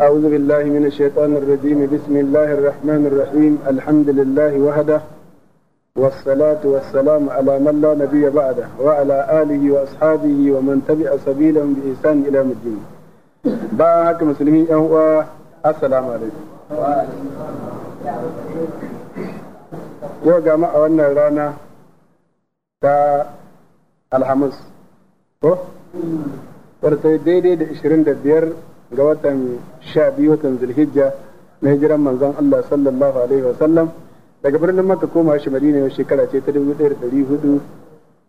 أعوذ بالله من الشيطان الرجيم بسم الله الرحمن الرحيم الحمد لله وحده والصلاة والسلام على من لا نبي بعده وعلى آله وأصحابه ومن تبع سبيلهم بإحسان إلى الدين باك مسلمين أهواء السلام عليكم yau ga a wannan rana ta alhamis ko wadda daidai da 25 ga watan sha biyu watan zulhijja na hijiran manzon Allah sallallahu alaihi wa sallam daga birnin maka koma shi madina yau shekara ce ta dubu ɗaya da ɗari hudu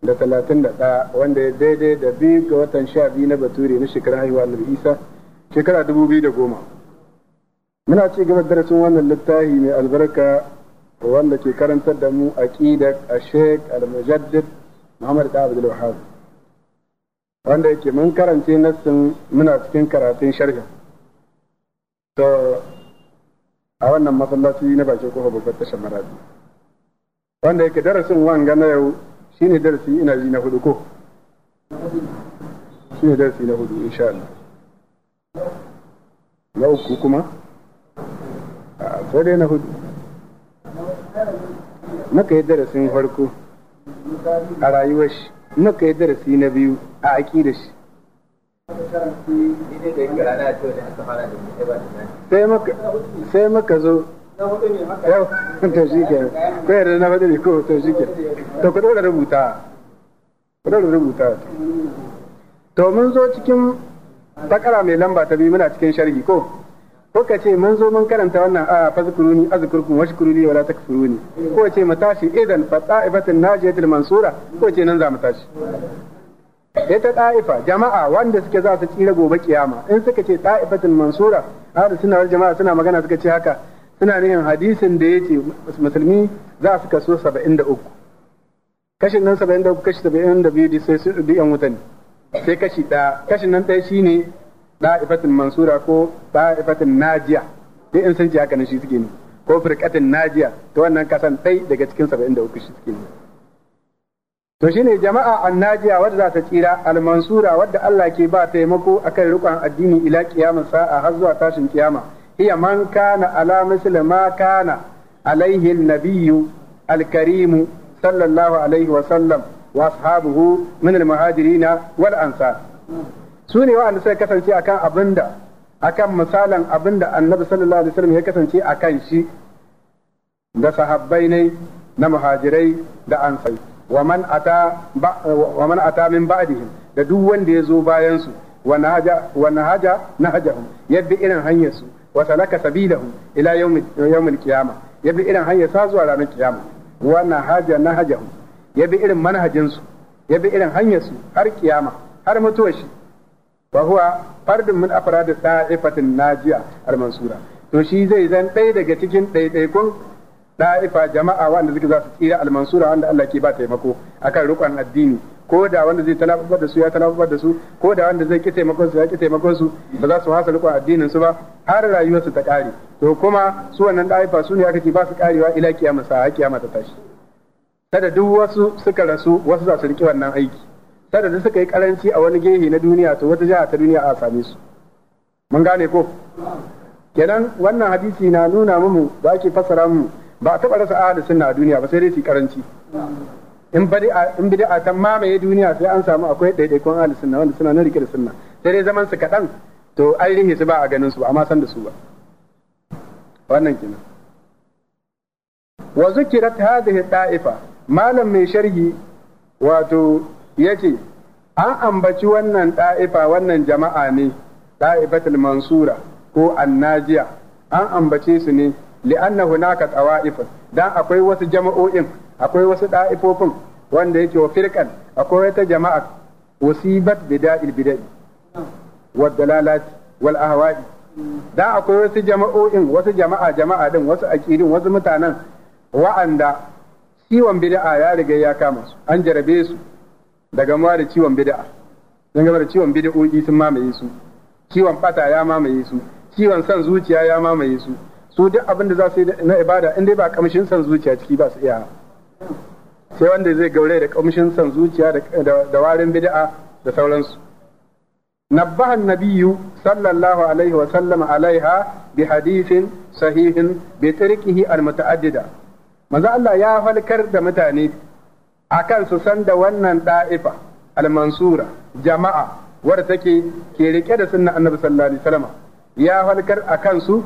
da talatin da ɗaya wanda ya daidai da biyu ga watan sha biyu na bature na shekarar haihuwa na isa shekara dubu biyu da goma muna ci gaba darasin wannan littafi mai albarka wanda ke karantar da mu aqidar a sheik al-mujaddid muhammad da abdul wahab wanda yake mun karance nassin muna cikin karatun sharhin to a wannan masallaci na bakin kofa babbar tashar maradi wanda yake darasin wanga na yau shine darasi ina yi na hudu ko shine darasi na hudu insha Allah na uku kuma a dai na hudu maka yi darasin farko a rayuwar shi muka yi darasi na biyu a aƙida shi sai muka zo yau to shi ke ko yadda na faɗi ko to shi ke to ku ɗora rubuta ku ɗora rubuta to mun zo cikin takara mai lamba ta biyu muna cikin sharhi ko ko ka ce mun zo mun karanta wannan a fazkuruni azkurkum washkuruni wala takfuruni ko ce mu tashi idan fa ta'ifatin najiyatul mansura ko ce nan za mu tashi ta ta'ifa jama'a wanda suke za su tsira gobe kiyama in suka ce ta'ifatul mansura hada suna wal jama'a suna magana suka ce haka suna nuna hadisin da yake musulmi za su kaso 73 kashin nan 73 kashi 72 sai su bi yan wutan sai kashi ɗaya kashin nan ɗaya shine da'ifatin mansura ko da'ifatin najiya duk in sun ji haka nan shi suke ne ko firkatin najiya ta wannan kasan ɗai daga cikin saba'in da uku shi suke ne to shi ne jama'a Najiya wadda za ta tsira almansura wadda Allah ke ba taimako a kan rikon addini ila kiyamin sa'a har zuwa tashin kiyama hiya man kana ala misli ma kana alaihi Nabiyu nabiyyu al sallallahu alaihi wa sallam wa ashabuhu min al wal ansar su ne wa'anda suka kasance akan abinda akan misalan abinda annabi sallallahu alaihi wasallam ya kasance akan shi da sahabbai ne na muhajirai da ansai wa man ata wa man ata min ba'dihim da duk wanda ya zo bayan su wa nahaja wa nahaja nahajahum yabbi irin hanyar su wa salaka sabilahum ila yawm yawmil qiyamah yabbi irin hanyar sa zuwa ranar kiyama wa nahaja nahajahum yabbi irin manhajin su yabbi irin hanyar su har kiyama har mutuwar shi wa huwa fardun min afradi da'ifatin najiya al-mansura to shi zai zan ɗaya daga cikin ɗaiɗaikun ɗa'ifa jama'a wanda suke za su tsira al-mansura wanda Allah ke ba taimako akan rukun addini ko da wanda zai talabar da su ya talabar da su ko da wanda zai ki taimakon su ya ki taimakon su ba za su hasa rukun addinin su ba har rayuwarsu ta ƙare to kuma su wannan ɗa'ifa su ne aka ce ba su ƙarewa ila kiyama sa kiyama ta tashi kada duk wasu suka rasu wasu za su riƙe wannan aiki tada da suka yi karanci a wani gehe na duniya to wata jiha ta duniya a same su mun gane ko kenan wannan hadisi na nuna mu ba ke fassara mu ba a taɓa rasa ahli sunna a duniya ba sai dai su karanci in bid'a tan mamaye duniya sai an samu akwai daidaikon ahli sunna wanda suna nan rike da sunna sai dai zaman su kaɗan to an rihe su ba a ganin su ba amma san da su ba wannan kenan wa zukirat hadhihi ta'ifa malam mai sharhi wato ce, an ambaci wannan ɗa'ifa wannan jama'a ne ɗa'ifatul mansura ko annajiya an ambace su ne li'anna hunaka tawa'ifun don akwai wasu jama'o'in akwai wasu ɗa'ifofin wanda yake wa firkan, akwai wata jama'a usibat bida'il bida'i wadda lalati, wal ahwa'i dan akwai wasu jama'o'in wasu jama'a jama'a ɗin wasu aƙirin wasu mutanen wa'anda siwon bidai ya riga ya kama su an jarabe su Daga gamuwa da ciwon bid'a sun gaba da ciwon bid'o'i sun mamaye su ciwon bata ya mamaye su ciwon san zuciya ya mamaye su su duk abin da za su yi na ibada in dai ba kamshin san zuciya ciki ba su iya sai wanda zai gaure da kamshin san zuciya da warin bid'a da sauransu Nabbahan alaihi النبي صلى الله bi وسلم sahihin بحديث صحيح al المتعددة maza Allah ya falkar da mutane akan su san da wannan da'ifa al-mansura jama'a wadda take ke rike da sunna annabi sallallahu alaihi wasallam ya halkar akan su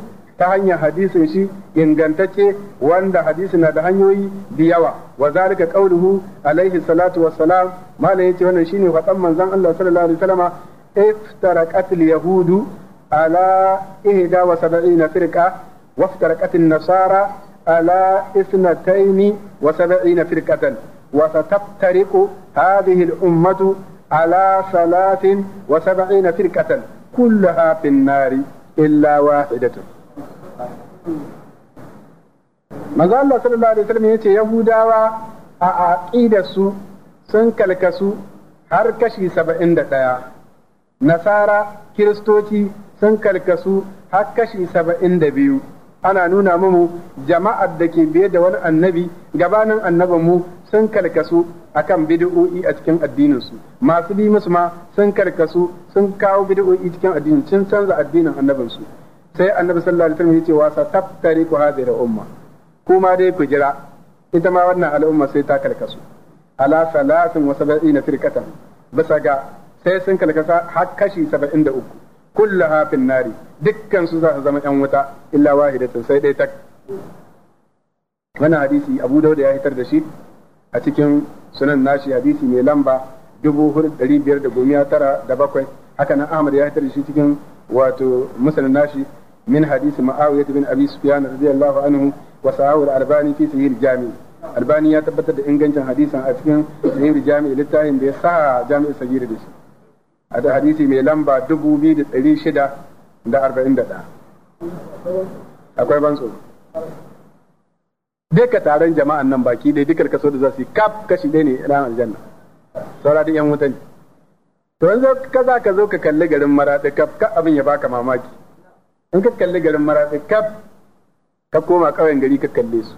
ta hanyar hadisin shi ingantacce wanda hadisin na da hanyoyi da yawa wa zalika qauluhu alaihi salatu wassalam malam yace wannan shine fadan manzon Allah sallallahu alaihi wasallam iftaraqat al-yahudu ala ihda wa sab'ina firqa waftaraqat an-nasara ala 72 wa sab'ina firqatan وستفترق هذه الأمة على ثلاث وسبعين فرقة كلها في النار إلا واحدة maza Allah sallallahu alaihi wasallam yace Yahudawa a aqida su sun kalkasu har kashi saba'in da ɗaya. Nasara Kiristoci sun kalkasu har kashi saba'in da biyu. ana nuna mamu jama'ar da ke biye da wani annabi gabanin annabin mu sun karkasu kan bid'o'i a cikin addininsu. masu bi musu ma sun karkasu sun kawo bid'o'i cikin addinin sun canza addinin annabin su sai annabi sallallahu alaihi wasallam ya ce wa sa taftari ku da umma kuma dai ku jira ita ma wannan al'umma sai ta karkasu ala salatin wa sab'ina firqatan bisa ga sai sun karkasa har kashi 73 kullaha fin nari dukkan su za su zama yan wuta illa wahidatin sai dai tak wannan hadisi abu dauda ya hitar da shi a cikin sunan nashi hadisi mai lamba dubu hudu ɗari biyar da gumiya tara da bakwai haka nan ahmad ya hitar shi cikin wato musulun nashi min hadisi ma'awiyah bin abi sufyan radiyallahu anhu wa sa'awul albani fi sahih jami albani ya tabbatar da ingancin hadisin a cikin sahih jami littafin da ya sa jami'in sahih da shi a da hadisi mai lamba dubu biyu da ɗari shida da arba'in da ɗaya akwai ban duka taron jama'an nan baki dai dukkan kaso da za su yi kaf kashi ɗaya ne ran aljanna saura da yan wutan to yanzu ka za ka zo ka kalli garin maraɗi kaf ka abin ya baka mamaki in ka kalli garin maraɗi kaf ka koma ƙauyen gari ka kalle su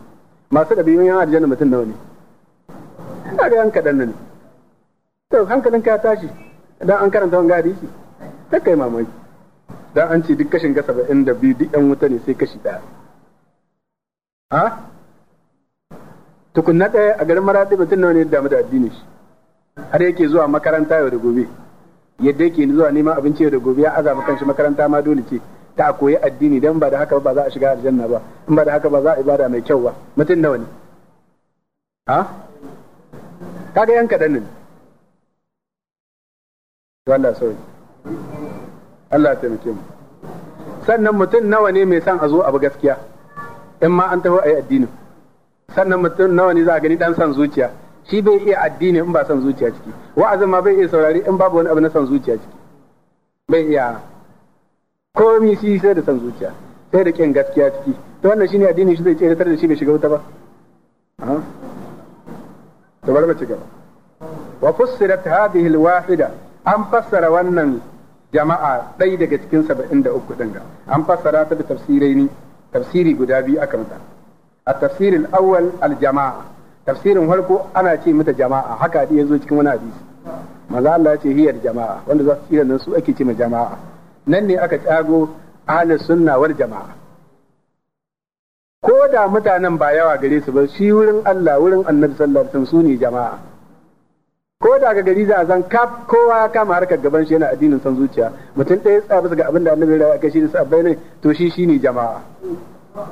masu ɗabi'un yan aljanna mutum nawa ne ina ga yan kaɗan nan to hankalin ka tashi dan an karanta wani hadisi sai kai mamaki dan an ce duk kashin ga 72 duk yan wuta ne sai kashi ɗaya ha ah? tukunna ɗaya a garin maraɗi mutum nawa ne da damu da addini. shi har yake zuwa makaranta yau da gobe yadda yake zuwa neman abinci yau da gobe ya azama kanshi makaranta ma dole ce ta a koyi addini dan ba da haka ba za a shiga aljanna ba in ba da haka ba za a ibada mai kyau ba mutum nawa ne ha kaga yan kaɗan ne Allah sauri Allah taimake mu sannan mutum nawa ne mai san a zo abu gaskiya in ma an taho a yi addinin sannan mutum nawa ne za a gani dan san zuciya shi bai iya addini in ba san zuciya ciki wa'azin ma bai iya saurari in babu wani abu na san zuciya ciki bai iya komi shi sai da san zuciya sai da kin gaskiya ciki to wannan shine addini shi zai ce da shi bai shiga wuta ba to bari mu ci gaba wa fussirat hadhihi alwahida an fassara wannan jama'a ɗaya daga cikin 73 ɗin ga an fassara ta da tafsirai ni tafsiri guda biyu aka mata a tafsirin awwal aljama'a tafsirin farko ana ce mata jama'a haka ya zo cikin wani hadisi maza Allah ce hiyar jama'a wanda za su kira nan su ake ce jama'a nan ne aka tsago ahlus sunna wal jama'a ko da mutanen ba yawa gare su ba shi wurin Allah wurin annabi sallallahu alaihi wasallam jama'a ko da ga gari za zan kaf kowa kama harkar gaban shi yana addinin san zuciya mutum ɗaya tsaya bisa ga abin da annabi ya rawa kai shi da sabbai ne to shi shine jama'a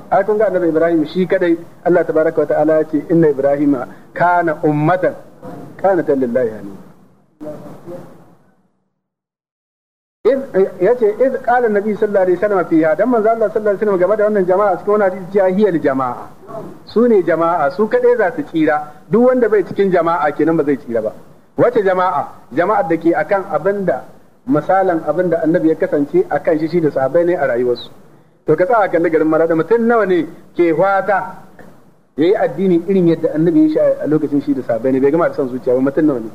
ai kun ga annabi ibrahim shi kadai Allah tabaraka wa ta'ala ya inna ibrahima kana ummatan kana lillahi hanif ya ce iz qala annabi sallallahu alaihi wasallam fiha dan manzo Allah sallallahu alaihi wasallam game da wannan jama'a cikin wannan hadisi cewa hiyal jama'a su ne jama'a su kadai za su tsira duk wanda bai cikin jama'a kenan ba zai tsira ba wace jama'a jama'ar da ke akan abinda misalan abinda annabi ya kasance akan shi shi da sahabbai ne a rayuwarsu to ka tsaya kan garin da mutum nawa ne ke fata yi addini irin yadda annabi ya shi a lokacin shi da sabai ne bai gama da san zuciya ba mutum nawa ne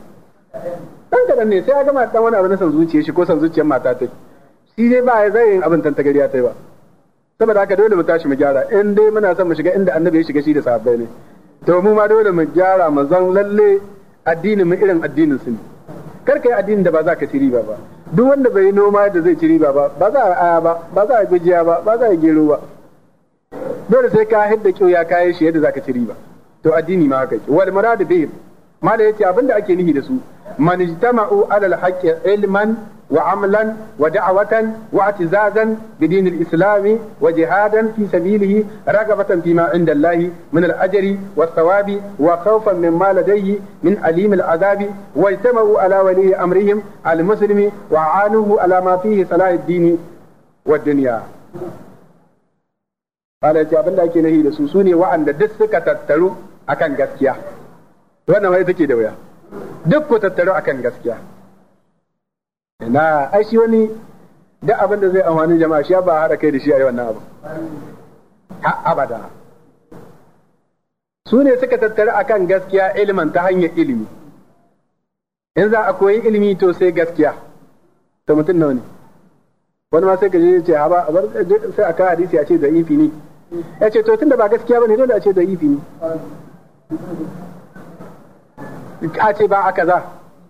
dan kadan ne sai ya gama dan wani abu na san zuciya shi ko san zuciyar mata ta shi dai ba zai yin abin tantagariya ta yi ba saboda haka dole mu tashi mu gyara in dai muna son mu shiga inda annabi ya shiga shi da sabai ne to mu ma dole mu gyara mu zan lalle addinin mu irin addinin su ne kar ka yi addinin da ba za ka ci riba ba duk wanda bai yi noma da zai ci riba ba ba za a aya ba ba za a gujiya ba ba za a gero ba dole sai ka hidda kyau ya kaye shi yadda za ka ci riba to addini ma haka wal murad bihim mala yace abinda ake nihi da su man ijtama'u alal haqqi ilman وعملا ودعوة واعتزازا بدين الإسلام وجهادا في سبيله رغبة فيما عند الله من الأجر والثواب وخوفا مما لديه من أليم العذاب واجتمعوا على ولي أمرهم المسلم وعانوه على ما فيه صلاح الدين والدنيا قال يا abin da ake nahi da su sune wa'anda duk suka tattaru akan gaskiya wannan wai take da wuya duk ku tattaru akan gaskiya na ai shi wani duk abin da zai amfani jama'a shi ba haɗa kai da shi a yi wannan abu ha abada su ne suka tattara akan gaskiya ilimin ta hanyar ilimi in za a koyi ilimi to sai gaskiya to mutum nawa ne wani ma sai ka je ce haba bar sai aka hadisi a ce da ifi ne ya ce to tunda ba gaskiya ba ne dole a ce da ifi ne a ce ba a kaza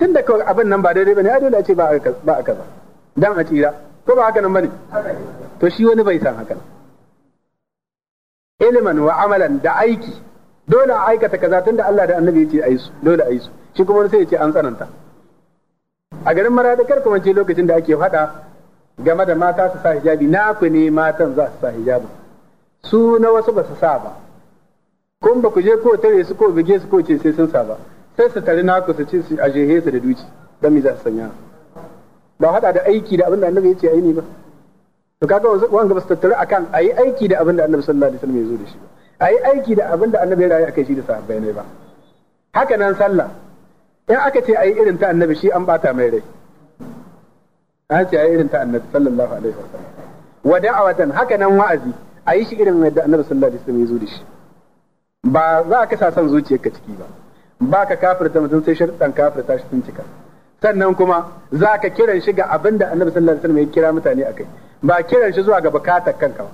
Tunda da kawai abin nan ba daidai bane ai dole a ce ba a kaza dan a tsira ko ba haka nan bane to shi wani bai san haka iliman wa amalan da aiki dole a aikata kaza tunda Allah da annabi yace ayi su dole ayi su shi kuma sai ya an tsananta a garin marada kar kuma ce lokacin da ake haɗa game da mata su sa hijabi na ku ne matan za su sa hijabi su na wasu ba su sa ba kun ba ku je ko tare su ko bige su ko ce sai sun sa ba sai su tare ku su ce su a su da duci don me za su sanya ba hada da aiki da abin da annabi ya ce aini ba to kaga wanga ba su tattara akan ayi aiki da abin da annabi sallallahu alaihi wasallam ya zo da shi ba ayi aiki da abin da annabi ya rayu akai shi da sahabbai ne ba haka nan sallah in aka ce ayi irin ta annabi shi an bata mai rai an ce ayi irin ta annabi sallallahu alaihi wasallam wa da'awatan haka nan wa'azi ayi shi irin da annabi sallallahu alaihi wasallam ya zo da shi ba za ka sa son zuciyarka ciki ba ba ka kafirta mutum sai sharuɗan kafirta shi sun cika sannan kuma za ka kiran shi ga abin da annabi sallallahu alaihi wasallam ya kira mutane akai ba kiran shi zuwa ga bukatar kanka ba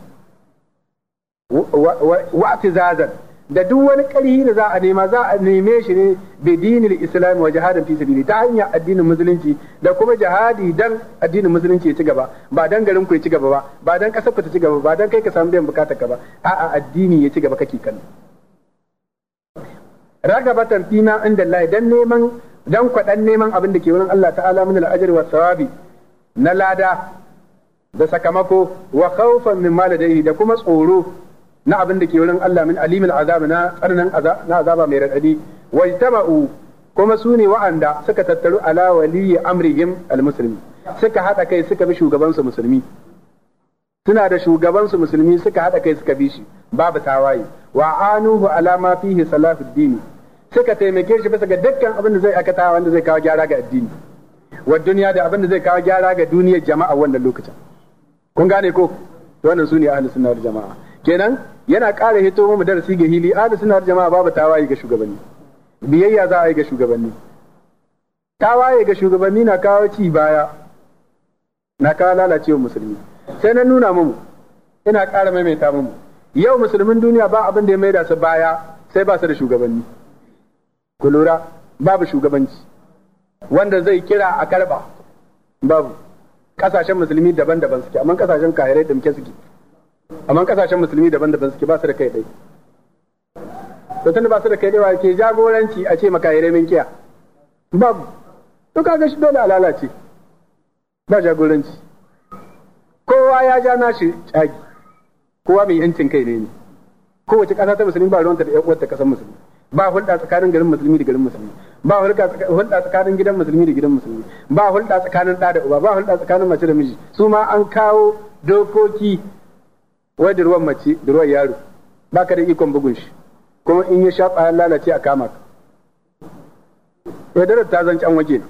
wa'tizazan da duk wani ƙarhi da za a nema za a neme shi ne bi dinil islam wa jihadin fi sabili ta hanyar addinin musulunci da kuma jihadi dan addinin musulunci ya ci gaba ba dan garin ku ya ci gaba ba ba dan kasar ku ta ci gaba ba dan kai ka samu biyan bukatar ka ba a'a addini ya ci gaba kake kallo ragabatan fima inda Allah dan neman dan kwadan neman abin da ke wurin Allah ta'ala min al-ajri wa thawabi na lada da sakamako wa khawfan min maladai da kuma tsoro na abin da ke wurin Allah min alimul azab na tsarnan na azaba mai radadi wajtama'u kuma su ne wa'anda suka tattaru ala waliyi amrihim almuslimi suka hada kai suka bi shugabansu musulmi suna da shugabansu musulmi suka hada kai suka bi shi babu tawaye wa anuhu ala ma fihi salahu dini suka taimake shi bisa ga dukkan abin da zai akata wanda zai kawo gyara ga addini wa duniya da abin da zai kawo gyara ga duniyar jama'a wannan lokacin kun gane ko to wannan sune ahlus sunna wal jama'a kenan yana ƙara hito mu darasi ga hili ahlus sunna wal jama'a babu tawaye ga shugabanni biyayya za a yi ga shugabanni tawaye ga shugabanni na kawo ci baya na kawo lalacewa musulmi sai na nuna mu ina ƙara maimaita mu yau musulmin duniya ba abin da ya maida su baya sai ba su da shugabanni ku lura babu shugabanci wanda zai kira a karba babu kasashen musulmi daban-daban suke amma kasashen kahirai da muke suke amma kasashen musulmi daban-daban suke ba su da kai dai to tunda ba su da kai dai ke jagoranci a ce makahirai min kiya babu to kaga shi dole a lalace ba jagoranci kowa ya ja nashi tsagi kowa mai yancin kai ne ne kowace ƙasa ta musulmi ba ruwanta da ƴan uwarta ƙasar musulmi ba hulɗa tsakanin garin musulmi da garin musulmi ba hulɗa tsakanin gidan musulmi da gidan musulmi ba hulɗa tsakanin ɗa da uba ba hulɗa tsakanin mace da miji su ma an kawo dokoki wai da ruwan mace da ruwan yaro ba ka da ikon bugun shi kuma in ya sha ƙwayar lalace a kama ka yaudarar ta zanci an waje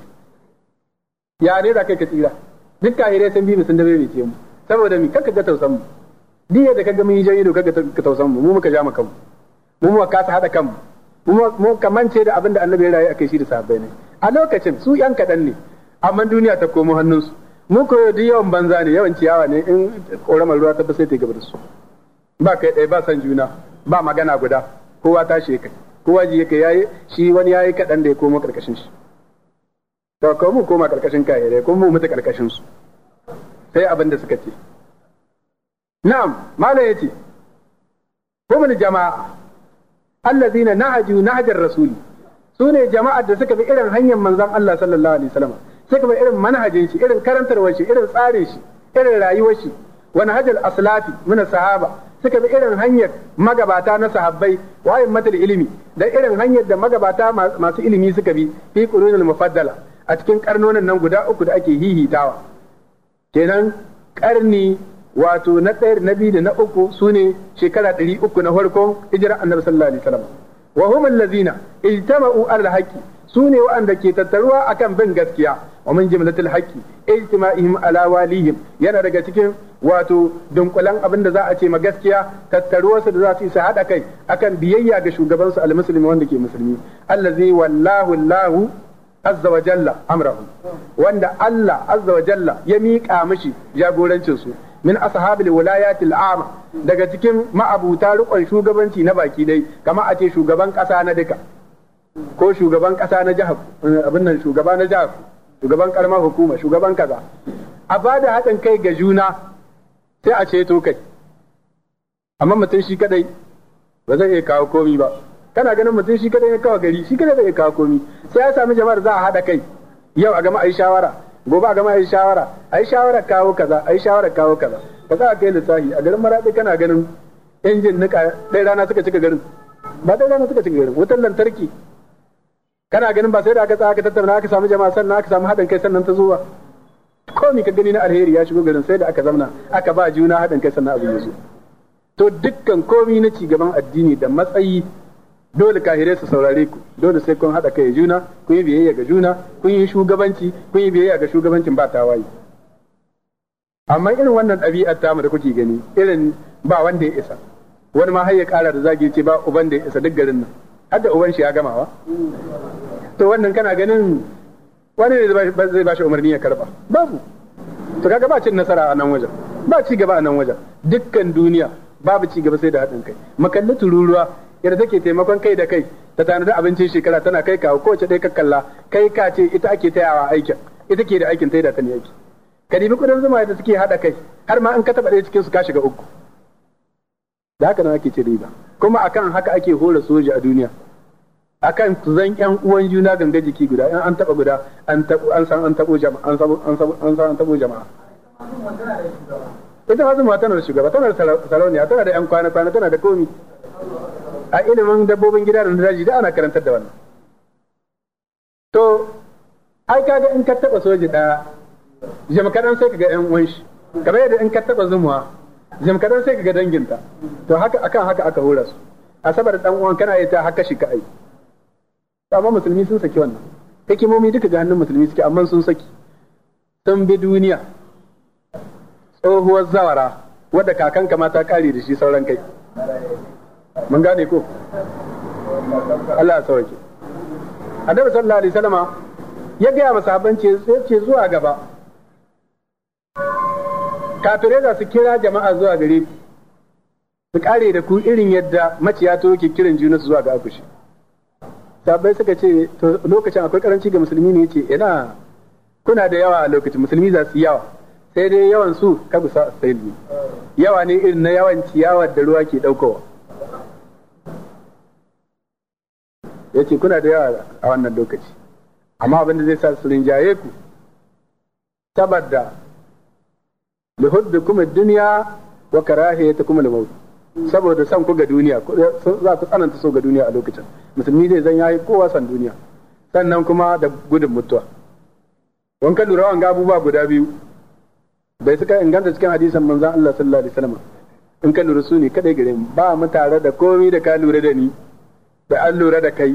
ya ne za kai ka tsira duk hira sun bi mu sun dabe mu ke mu saboda mi kanka ga tausan mu diya da kaga mun yi ido kaga ka tausan mu mu muka ja mu mu muka kasa hada kanmu mu mu kamance da abin da annabi ya rayu akai shi da sahabbai ne a lokacin su yan kadan ne amma duniya ta komo hannunsu mu ko duk yawan banza ne yawan ciyawa ne in koramar ruwa ta sai ta gaba da su ba kai ɗaya ba san juna ba magana guda kowa ta shi kai kowa ji yake yayi shi wani yayi kadan da ya koma karkashin shi to ko mu koma karkashin kai dai ko mu mutu karkashin su sai abin da suka ce na'am malam yace humul jama'a allazina nahaju nahajar rasuli sune jama'ar da suka bi irin hanyar manzon Allah sallallahu alaihi wasallam suka bi irin manhajin shi irin karantarwar shi irin tsarin shi irin rayuwar shi wani hajjal aslafi mina sahaba suka bi irin hanyar magabata na sahabbai wa matal ilimi da irin hanyar da magabata masu ilimi suka bi fi qurunul mufaddala a cikin karnonin nan guda uku da ake hihitawa kenan karni wato na ɗaya na biyu da na uku su ne shekara ɗari uku na farko hijira annabi sallallahu alaihi wasallam wa hum allazina ijtama'u ala haqqi su ne waɗanda ke tattaruwa akan bin gaskiya wa min jimlatil haqqi ijtima'ihim ala walihim yana daga cikin wato dunkulan abin da za a ce ma gaskiya tattaruwarsu da za su yi su haɗa kai akan biyayya ga shugabansu almuslimi wanda ke musulmi allazi wallahu allahu azza wa jalla amrahu wanda Allah azza wa jalla ya miƙa mishi jagorancin su min ashabil wilayati al'am daga cikin ma'abuta rikon shugabanci na baki dai kamar a ce shugaban kasa na duka ko shugaban kasa na jihar abin nan shugaba na jihar shugaban karma hukuma shugaban kaza a bada haɗin kai ga juna sai a ceto kai amma mutum shi kadai ba zai iya kawo komi ba kana ganin mutum shi kadai ya kawo gari shi kadai zai iya kawo komi sai ya sami jama'ar za a haɗa kai yau a gama a yi shawara gobe a gama a yi shawara a yi shawara kawo kaza a yi shawara kawo kaza ba za a kai lissafi a garin maraɗi kana ganin injin nika ɗaya rana suka cika garin ba ɗaya rana suka cika garin wutar lantarki kana ganin ba sai da aka tsaya aka tattauna aka samu jama'a sannan aka samu haɗin kai sannan ta zuwa komi ka gani na alheri ya shigo garin sai da aka zamna aka ba juna haɗin kai sannan abin ya zo to dukkan komi na cigaban addini da matsayi dole hire su saurare ku dole sai kun haɗa kai juna kun yi biyayya ga juna kun yi shugabanci kun yi biyayya ga shugabancin ba tawaye amma irin wannan ɗabi'ar tamu da kuke gani irin ba wanda ya isa wani ma har ya ƙara da zagi ce ba uban da ya isa duk garin nan har da uban shi ya gamawa to wannan kana ganin wani ne zai ba shi umarni ya karba babu to kaga ba cin nasara a nan wajen ba ci gaba a nan wajen dukkan duniya babu ci gaba sai da haɗin kai makalla tururuwa yadda take taimakon kai da kai ta tanadar abincin shekara tana kai kawo kowace ɗaya ka kalla kai ka ce ita ake tayawa aikin ita ke da aikin da ta ne aiki. ka nemi kudin zuma da suke haɗa kai har ma in ka taɓa ɗaya cikin su ka shiga uku da haka nan ake ce riba kuma akan haka ake hora soja a duniya akan zan yan uwan juna ganga jiki guda in an taɓa guda an an san an taɓo jama'a an san an taɓo jama'a ita ma zuma tana da shugaba tana da sarauniya tana da yan kwana kwana tana da komi a ilimin dabbobin gida da daji da ana karantar da wannan to ai kaga in ka taba soji daya jamkadan sai kaga yan uwan shi kamar yadda in ka taba zumuwa jamkadan sai kaga danginta to haka akan haka aka hura su a sabar dan uwan kana yi ta haka shi ka ai amma musulmi sun saki wannan hikimomi duka ga hannun musulmi suke amma sun saki sun bi duniya tsohuwar zawara wadda kakan kamata kare da shi sauran kai mun gane ko Allah sauke annabi sallallahu alaihi wasallama ya gaya masa sahabbanci ce zuwa gaba kafirai za su kira jama'a zuwa gare ku su kare da ku irin yadda maciya to yake kiran junansu zuwa ga akushi sahabbai suka ce to lokacin akwai karanci ga musulmi ne yace ina kuna da yawa a lokacin musulmi za su yawa sai dai yawan su kabu ne. yawa ne irin na yawan ciyawar da ruwa ke daukowa ya ce kuna da yawa a wannan lokaci amma abin da zai sa su rinjaye ku saboda lihuddu kuma duniya wa ta kuma limautu saboda san ku ga duniya za ku tsananta so ga duniya a lokacin musulmi zai zan yayi kowa san duniya sannan kuma da gudun mutuwa wanka lura wanga abubuwa guda biyu bai suka inganta cikin hadisan manzon Allah sallallahu alaihi wasallam in ka lura su ne kadai gare mu ba mu tare da komai da ka lura da ni da an lura da kai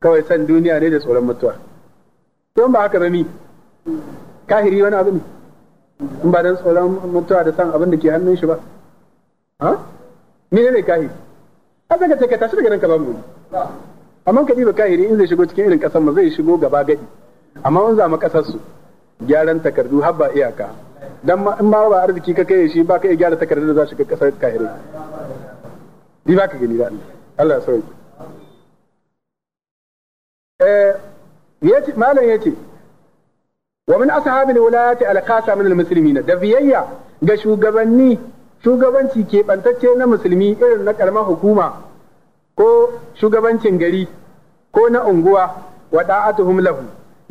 kawai san duniya ne da tsoron mutuwa don ba haka ba mi kahiri wani abu ne in ba don tsoron mutuwa da san abin da ke hannun shi ba ha me ne kahiri a zaka ce ka tashi daga nan ka ba mu amma ka diba kahiri in zai shigo cikin irin kasan ma zai shigo gaba gadi amma in za mu kasar su gyaran takardu har ba iyaka dan ma in ma ba arziki ka kai shi ba ka iya gyara takardu da za shi ga kasar kahiri di ba ka gani da Allah Allah ya sauke yace malam yace wa min ashabil wilayati al-khasa min al da biyayya ga shugabanni shugabanci ke bantacce na musulmi irin na karamar hukuma ko shugabancin gari ko na unguwa wa da'atuhum lahu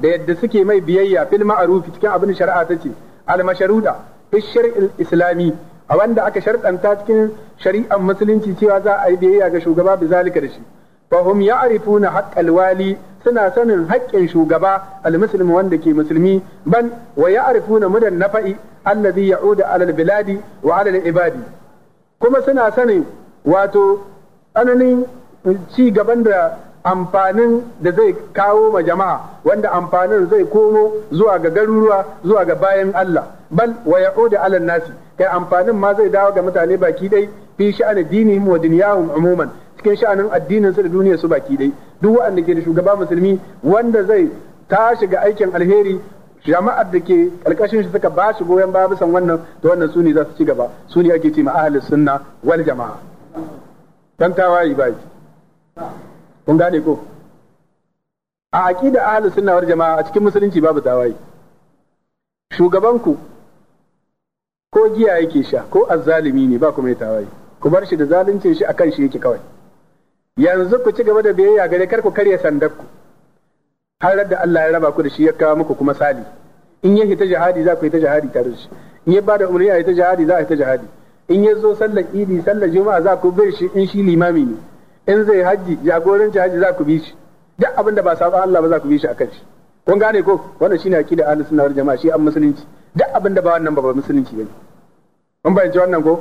da yadda suke mai biyayya fil ma'ruf cikin abin shari'a tace al masharuda fi shar'il islami a wanda aka sharɗanta cikin shari'ar musulunci cewa za a yi biyayya ga shugaba bizalika da shi fa hum ya'rifuna haqqal wali suna sanin haƙƙin shugaba al-muslim wanda ke musulmi ban wa ya'rifuna mudan nafa'i allazi ya'udu ala al-biladi wa ala ibadi kuma suna sanin wato tsananin ci gaban da amfanin da zai kawo ma jama'a wanda amfanin zai komo zuwa ga garuruwa zuwa ga bayan Allah bal wa ya'udu ala nasi kai amfanin ma zai dawo ga mutane baki dai fi sha'ani dinihim wa dunyahum umuman cikin sha'anin addinin su da duniyar su baki dai duk waɗanda ke da shugaba musulmi wanda zai tashi ga aikin alheri jama'ar da ke karkashin shi suka ba shi goyon baya bisan wannan to wannan su ne za su ci gaba su ne ake ce ma ahlus sunna wal jama'a dan tawayi bai kun gane ko a aqida ahli sunna wal jama'a a cikin musulunci babu tawayi shugaban ku ko giya yake sha ko azzalimi ne ba ku mai tawayi ku bar shi da zaluncin shi akan shi yake kawai yanzu ku ci gaba da biyayya gare kar ku karya sandar ku. har da Allah ya raba ku da shi ya kawo muku kuma sali in ya hita jihadi za ku hita jihadi tare da shi in ya bada umarni a hita jihadi za a hita jihadi in ya zo sallar idi sallar juma'a za ku bi shi in shi limami ne in zai haji jagoranci haji za ku bi shi duk abin da ba sabon Allah ba za ku bi shi akan shi kun gane ko wannan shine aqida ahlus sunna wal jama'a shi an musulunci duk abin da ba wannan ba ba musulunci bane kun bayyana wannan ko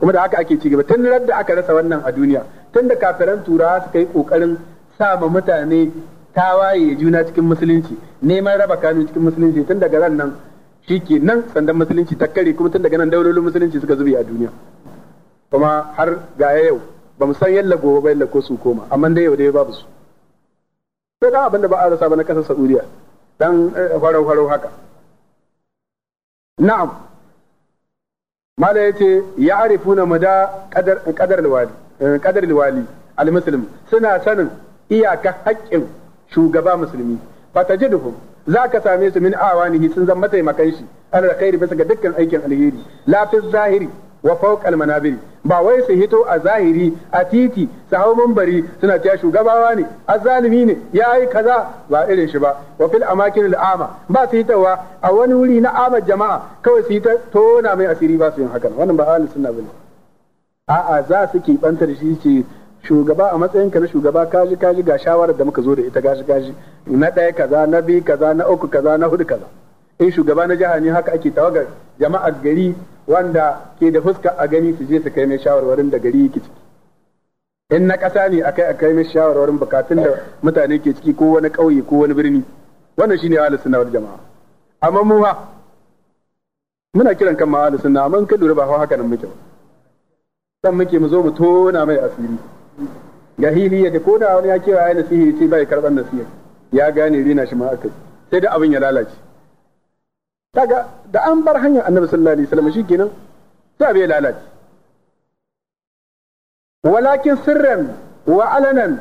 kuma da haka ake ci gaba tun da aka rasa wannan a duniya Tun da kafiran turawa suka yi kokarin sa ma mutane tawaye juna cikin musulunci neman raba kanu cikin musulunci tun daga ran nan ke nan sandan musulunci ta kare kuma tun daga nan daulolin musulunci suka zube a duniya kuma har ga yau ba mu san yalla gobe ba yalla ko su koma amma dai yau dai babu su sai da abinda ba a rasa ba na kasar Saudiya dan farau farau haka na'am mala yace ya arifuna mada qadar qadar alwadi Eh, qadar wali al-muslim suna sanin iyaka haƙƙin shugaba musulmi fatajiduhum za ka same su min awanihi sun zan mataimakan shi an rakairi bisa ga dukkan aikin alheri lafis zahiri wa fawq al ba wai su hito a zahiri a titi su hau mambari suna cewa shugabawa ne azzalimi ne ya yi kaza ba irin shi ba wa fil amakin al ama ba su hitawa a wani wuri na ama jama'a kawai su hita tona mai asiri ba su yin hakan wannan ba ahlus sunna bane a'a za su ke da shi ce shugaba a matsayinka na shugaba kaji kaji ga shawarar da muka zo da ita gashi gashi na ɗaya kaza na biyu kaza na uku kaza na hudu kaza in shugaba na jiha ne haka ake tawagar jama'ar gari wanda ke da fuska a gani su je su kai mai shawarwarin da gari yake ciki in na ƙasa ne akai a kai mai shawarwarin bukatun da mutane ke ciki ko wani ƙauye ko wani birni wannan shine ahlus sunna jama'a amma mu muna kiran kan ma ahlus sunna amma in ka lura ba haka nan muke ba san muke mu zo mu tona mai asiri ga hili ya ko da wani ya kira ya nasihi ce bai karban nasiha ya gane rina shi ma aka sai da abin ya lalace kaga da an bar hanyar annabi sallallahu alaihi wasallam shikenan sai ya lalace walakin sirran wa alanan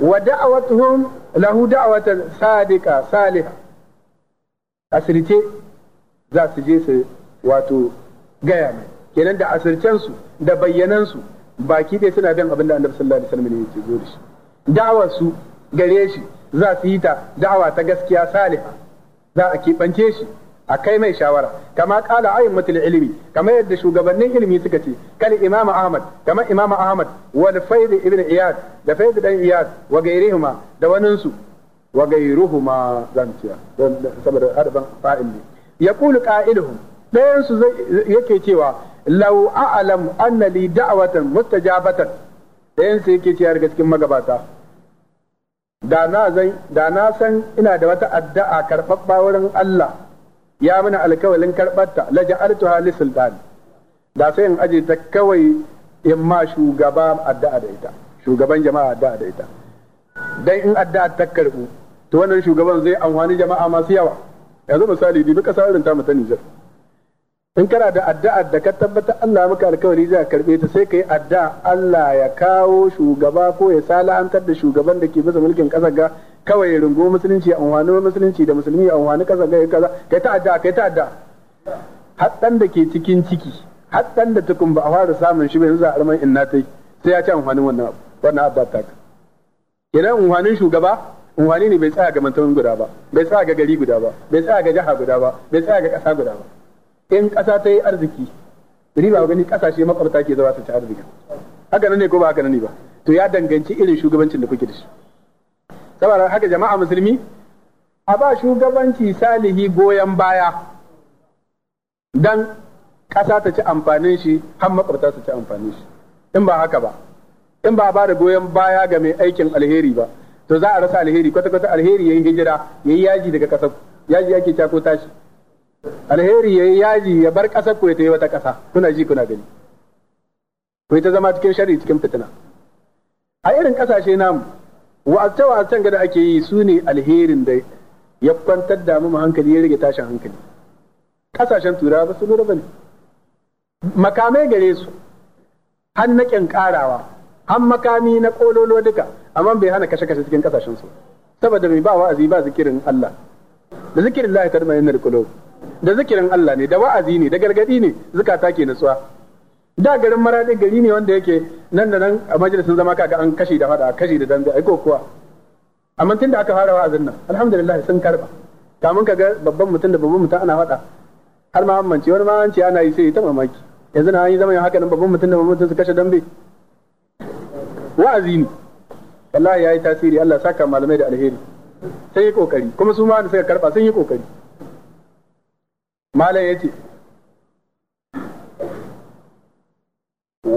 wa da'awatuhum lahu da'watan sadiqa salih asirce za su je su wato gaya mai kenan da asircen su da bayyanansu su baki dai suna bin abin da annabi sallallahu alaihi wasallam yake zo da shi da'awar su gare shi za su yi ta da'awa ta gaskiya saliha za a kibance shi a kai mai shawara kama kala ayin mutul ilimi kama yadda shugabannin ilimi suka ce kal imam ahmad kama imam ahmad wal faid ibn iyad da faid dan iyad wa gairihuma da waninsu wa gairuhuma zantiya saboda fa'il ne yaqulu qa'iluhum ɗayansu yake cewa lau a'alam anna li da'watan mustajabatan ɗayansu yake cewa daga cikin magabata da na san ina da wata adda'a karɓaɓɓa wurin Allah ya mana alkawalin karɓarta la ja'altuha li sultan da sai in aje ta kawai in ma shugaba addu'a da ita shugaban jama'a addu'a da ita dan in addu'a ta karbu to wannan shugaban zai amfani jama'a masu yawa yanzu misali dibi kasar irin ta mu ta Nijar in kana da addu'a da ka tabbata Allah maka alkawari zai karbe ta sai ka yi addu'a Allah ya kawo shugaba ko ya sala'antar da shugaban da ke bisa mulkin kasar ga kawai ya rungo musulunci ya unwani musulunci da musulmi ya unwani kasar ga kaza kai ta addu'a kai ta addu'a haddan da ke cikin ciki haddan da tukun ba a fara samun shi bai yanzu a arman inna yi, sai ya ci unwani wannan wannan abba ta idan unwanin shugaba unwani ne bai tsaya ga mantan guda ba bai tsaya ga gari guda ba bai tsaya ga jaha guda ba bai tsaya ga kasa guda ba in ƙasa ta yi arziki ba gani ƙasashe makwabta ke zama su ci arziki haka nan ne ko ba haka nan ne ba to ya danganci irin shugabancin da kuke da shi saboda haka jama'a musulmi a ba shugabanci salihi goyon baya dan ƙasa ta ci amfanin shi har makwabta su ci amfanin shi in ba haka ba in ba ba da goyon baya ga mai aikin alheri ba to za a rasa alheri kwata kwata alheri yayin hijira yayi yaji daga ƙasar yaji yake cako shi. alheri ya yi yaji ya bar ƙasar ku ya yi wata ƙasa kuna ji kuna gani ku ta zama cikin shari cikin fitina a irin ƙasashe namu wa'azce wa'azcen gada ake yi su ne alherin da ya kwantar da mu hankali ya rage tashin hankali ƙasashen turawa ba su lura ba ne makamai gare su har na ƙarawa har makami na ƙololo duka amma bai hana kashe-kashe cikin ƙasashen su saboda mai ba wa'azi ba zikirin Allah da zikirin Allah ya tarmayar da da zikirin Allah ne da wa'azi ne da gargadi ne zukata ke nutsuwa da garin maradi gari ne wanda yake nan da nan a majalisun zama kaga an kashi da fada kashi da dambe ai ko kuwa amma tun da aka fara wa'azin nan alhamdulillah sun karba kamun kaga babban mutum da babban mutum ana fada har ma amince wani ma an ana yi sai ta mamaki yanzu na yi zama haka nan babban mutum da babban mutum su kashe dambe wa'azi ne wallahi yayi tasiri Allah saka malamai da alheri sai yi kokari kuma su ma suka karba sun yi kokari malam yace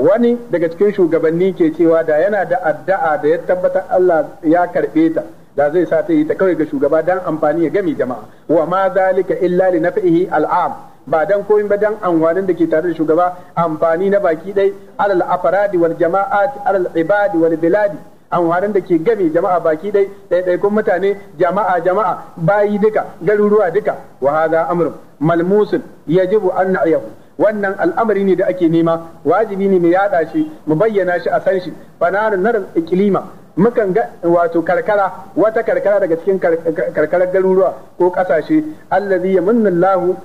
wani daga cikin shugabanni ke cewa da yana da addu'a da ya tabbatar Allah ya karbe ta da zai sa ta yi ta kawai ga shugaba dan amfani ya gami jama'a wa ma zalika illa li naf'ihi al'am ba dan koyin ba dan anwanin da ke tare da shugaba amfani na baki dai alal afradi wal jama'ati alal ibadi wal biladi amfanin da ke game jama'a baki dai ɗaiɗaikun mutane jama'a jama'a bayi duka garuruwa duka wa hadha amrun malmusun yajibu an na'yahu wannan al'amari ne da ake nema wajibi ne mu yada shi mu bayyana shi a san shi fanarin narin iklima mukan ga wato karkara wata karkara daga cikin karkarar garuruwa ko kasashe allazi yamunna Allahu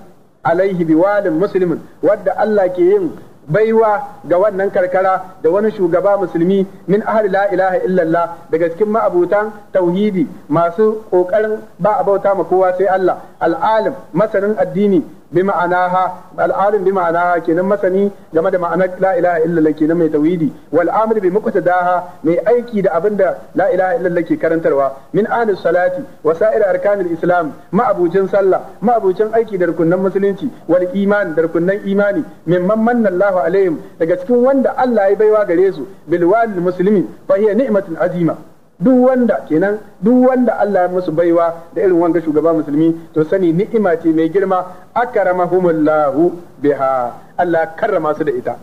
alaihi biwalin muslimin wadda Allah ke yin baiwa ga wannan karkara da wani shugaba musulmi min ahli la ilaha illallah daga cikin ma'abutan tauhidi masu kokarin ba a bauta ma kowa sai Allah al'alim masanin addini bi ma'anaha al'alim bi ma'anaha kenan masani game da ma'anar la illallah kenan mai tauhidi wal amir bi muqtadaha mai aiki da abin da la illallah ke karantarwa min anis salati wa sa'ir arkanil islam ma'abucin sallah ma'abucin aiki da rukunnan musulunci wal iman da rukunnan imani mimman manna Allahu alaihim daga cikin wanda Allah ya baiwa gare su bil walil muslimi fa hiya ni'matun azima duk wanda kenan duk wanda Allah ya musu baiwa da irin wanga shugaba musulmi to sani ni'ima ce mai girma akramahumullahu biha Allah karrama su da ita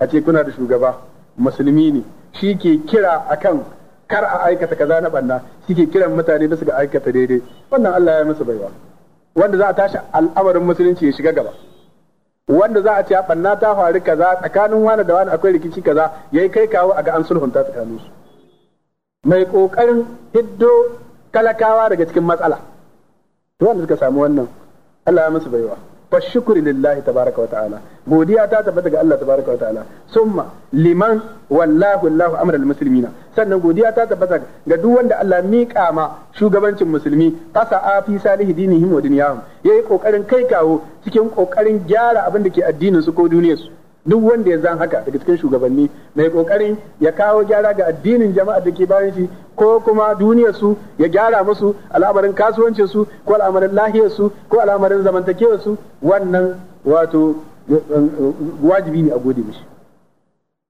a ce kuna da shugaba musulmi ne shi ke kira akan kar a aikata kaza na banna shi ke kiran mutane bisa ga aikata daidai wannan Allah ya musu baiwa wanda za a tashi al'amarin musulunci ya shiga gaba wanda za a ce banna ta faru kaza tsakanin wani da wani akwai rikici kaza yayi kai kawo a ga an sulhunta tsakaninsu mai ƙoƙarin hiddo talakawa daga cikin matsala to wanda suka samu wannan Allah ya musu baiwa fa shukuri lillahi tabaraka wa ta'ala godiya ta tabbata ga Allah tabaraka wa ta'ala summa liman wallahu Allahu amral muslimina sannan godiya ta tabbata ga duk wanda Allah miƙa ma shugabancin musulmi fasa afi salihi dinihim wa dunyahum yayi kokarin kai kawo cikin ƙoƙarin gyara abin da ke addinin su ko duniyarsu. duk wanda ya zan haka daga cikin shugabanni mai kokarin ya kawo gyara ga addinin jama'a da ke bayan shi ko kuma duniyar su ya gyara musu al'amarin kasuwancin su ko al'amarin lahiyar su ko al'amarin zamantakewar su wannan wato um, wajibi ne a gode mishi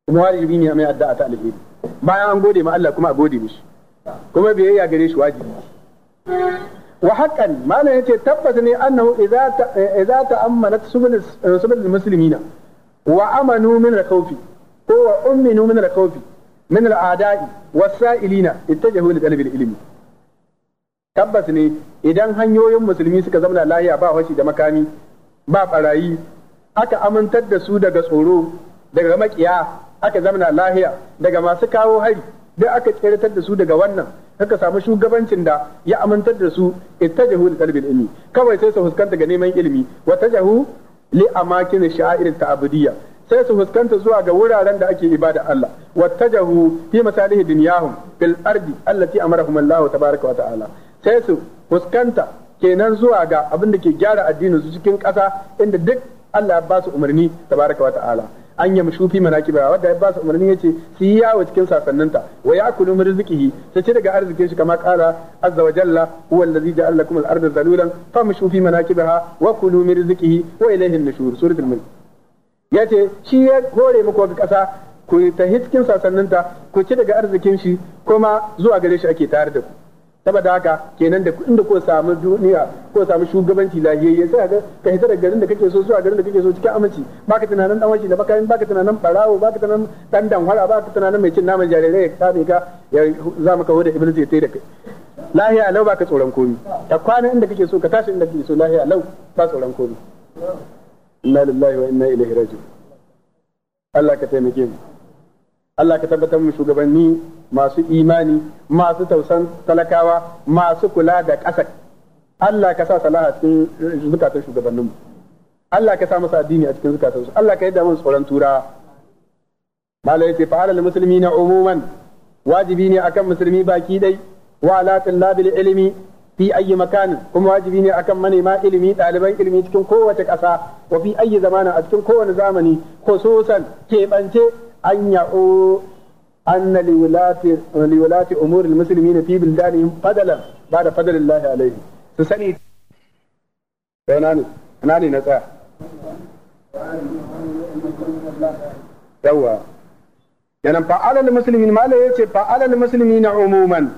kuma wajibi ne a mai addu'a ta alheri bayan an gode ma Allah kuma a gode mishi kuma biyayya gare shi wajibi wa haqqan malam yace tabbata ne annahu idza eh, idza ta'ammalat subul eh, subul muslimina wa amanu min al ko wa umminu min al-khawfi min al-ada'i was-sa'ilina ittajahu li al tabbas ne idan hanyoyin musulmi suka zama lahiya ba fashi da makami ba barayi aka amintar da su daga tsoro daga makiya aka zama lahiya daga masu kawo hari duk aka tseratar da su daga wannan aka samu shugabancin da ya amintar da su ittajahu li talab al-ilmi kawai sai su fuskanta ga neman ilimi wa tajahu li amakin sha'ir ta'budiyya sai su fuskanta zuwa ga wuraren da ake ibada Allah wattajahu fi masalihi dunyahum bil ardi allati amarahum Allah tabaaraka wa ta'ala sai su fuskanta kenan zuwa ga abin da ke gyara addinin su cikin ƙasa inda duk Allah ya ba su umarni tabaaraka wa ta'ala an yamshu fi manaqiba wanda wadda ba su umarni yace su yi yawo cikin sasanninta wa yakulu min rizqihi su ci daga arzikin shi kama kala azza wa jalla huwa allazi ja'ala lakum al-ardha zalulan famshu fi manaqibaha wa kulu min rizqihi wa ilayhi an-nushur suratul mulk yace shi ya hore muku ga kasa ku ta cikin sasanninta ku ci daga arzikin shi kuma zuwa gare shi ake tare da ku saboda haka kenan da inda ko samu duniya ko samu shugabanci lahiyayye sai ga ka hita daga garin da kake so zuwa garin da kake so cikin aminci baka tunanin dan washi da baka baka tunanin barawo baka tunanin dan danwara baka tunanin mai cin naman jarirai ya kame ka ya za kawo da ibnu zai tai da kai lahiya lau baka tsoron komi ka kwana inda kake so ka tashi inda kake so lahiya lau ba tsoron komi inna lillahi wa inna ilaihi raji'un Allah ka taimake mu Allah ka tabbatar mu shugabanni masu imani masu tausan talakawa masu kula da ƙasa Allah ka sa salaha cikin eh, zukatan shugabanninmu Allah ka sa masa addini a cikin zukatansu Allah ka yadda mun tsoron tura. malai ce fa'ala musulmi na umuman wajibi ne akan musulmi baki dai wa alatin labil ilimi fi ayi makanin kuma wajibi ne akan manema ilimi ɗaliban ilimi cikin kowace ƙasa wa fi ayi zamana a cikin kowane zamani khususan keɓance an ya'o أن لولاة لولاة أمور المسلمين في بلدانهم فضلا بعد فضل الله عليهم سسني ناني ناني نتاع yawa yanan fa'ala lil muslimin mala yace fa'ala lil muslimin umuman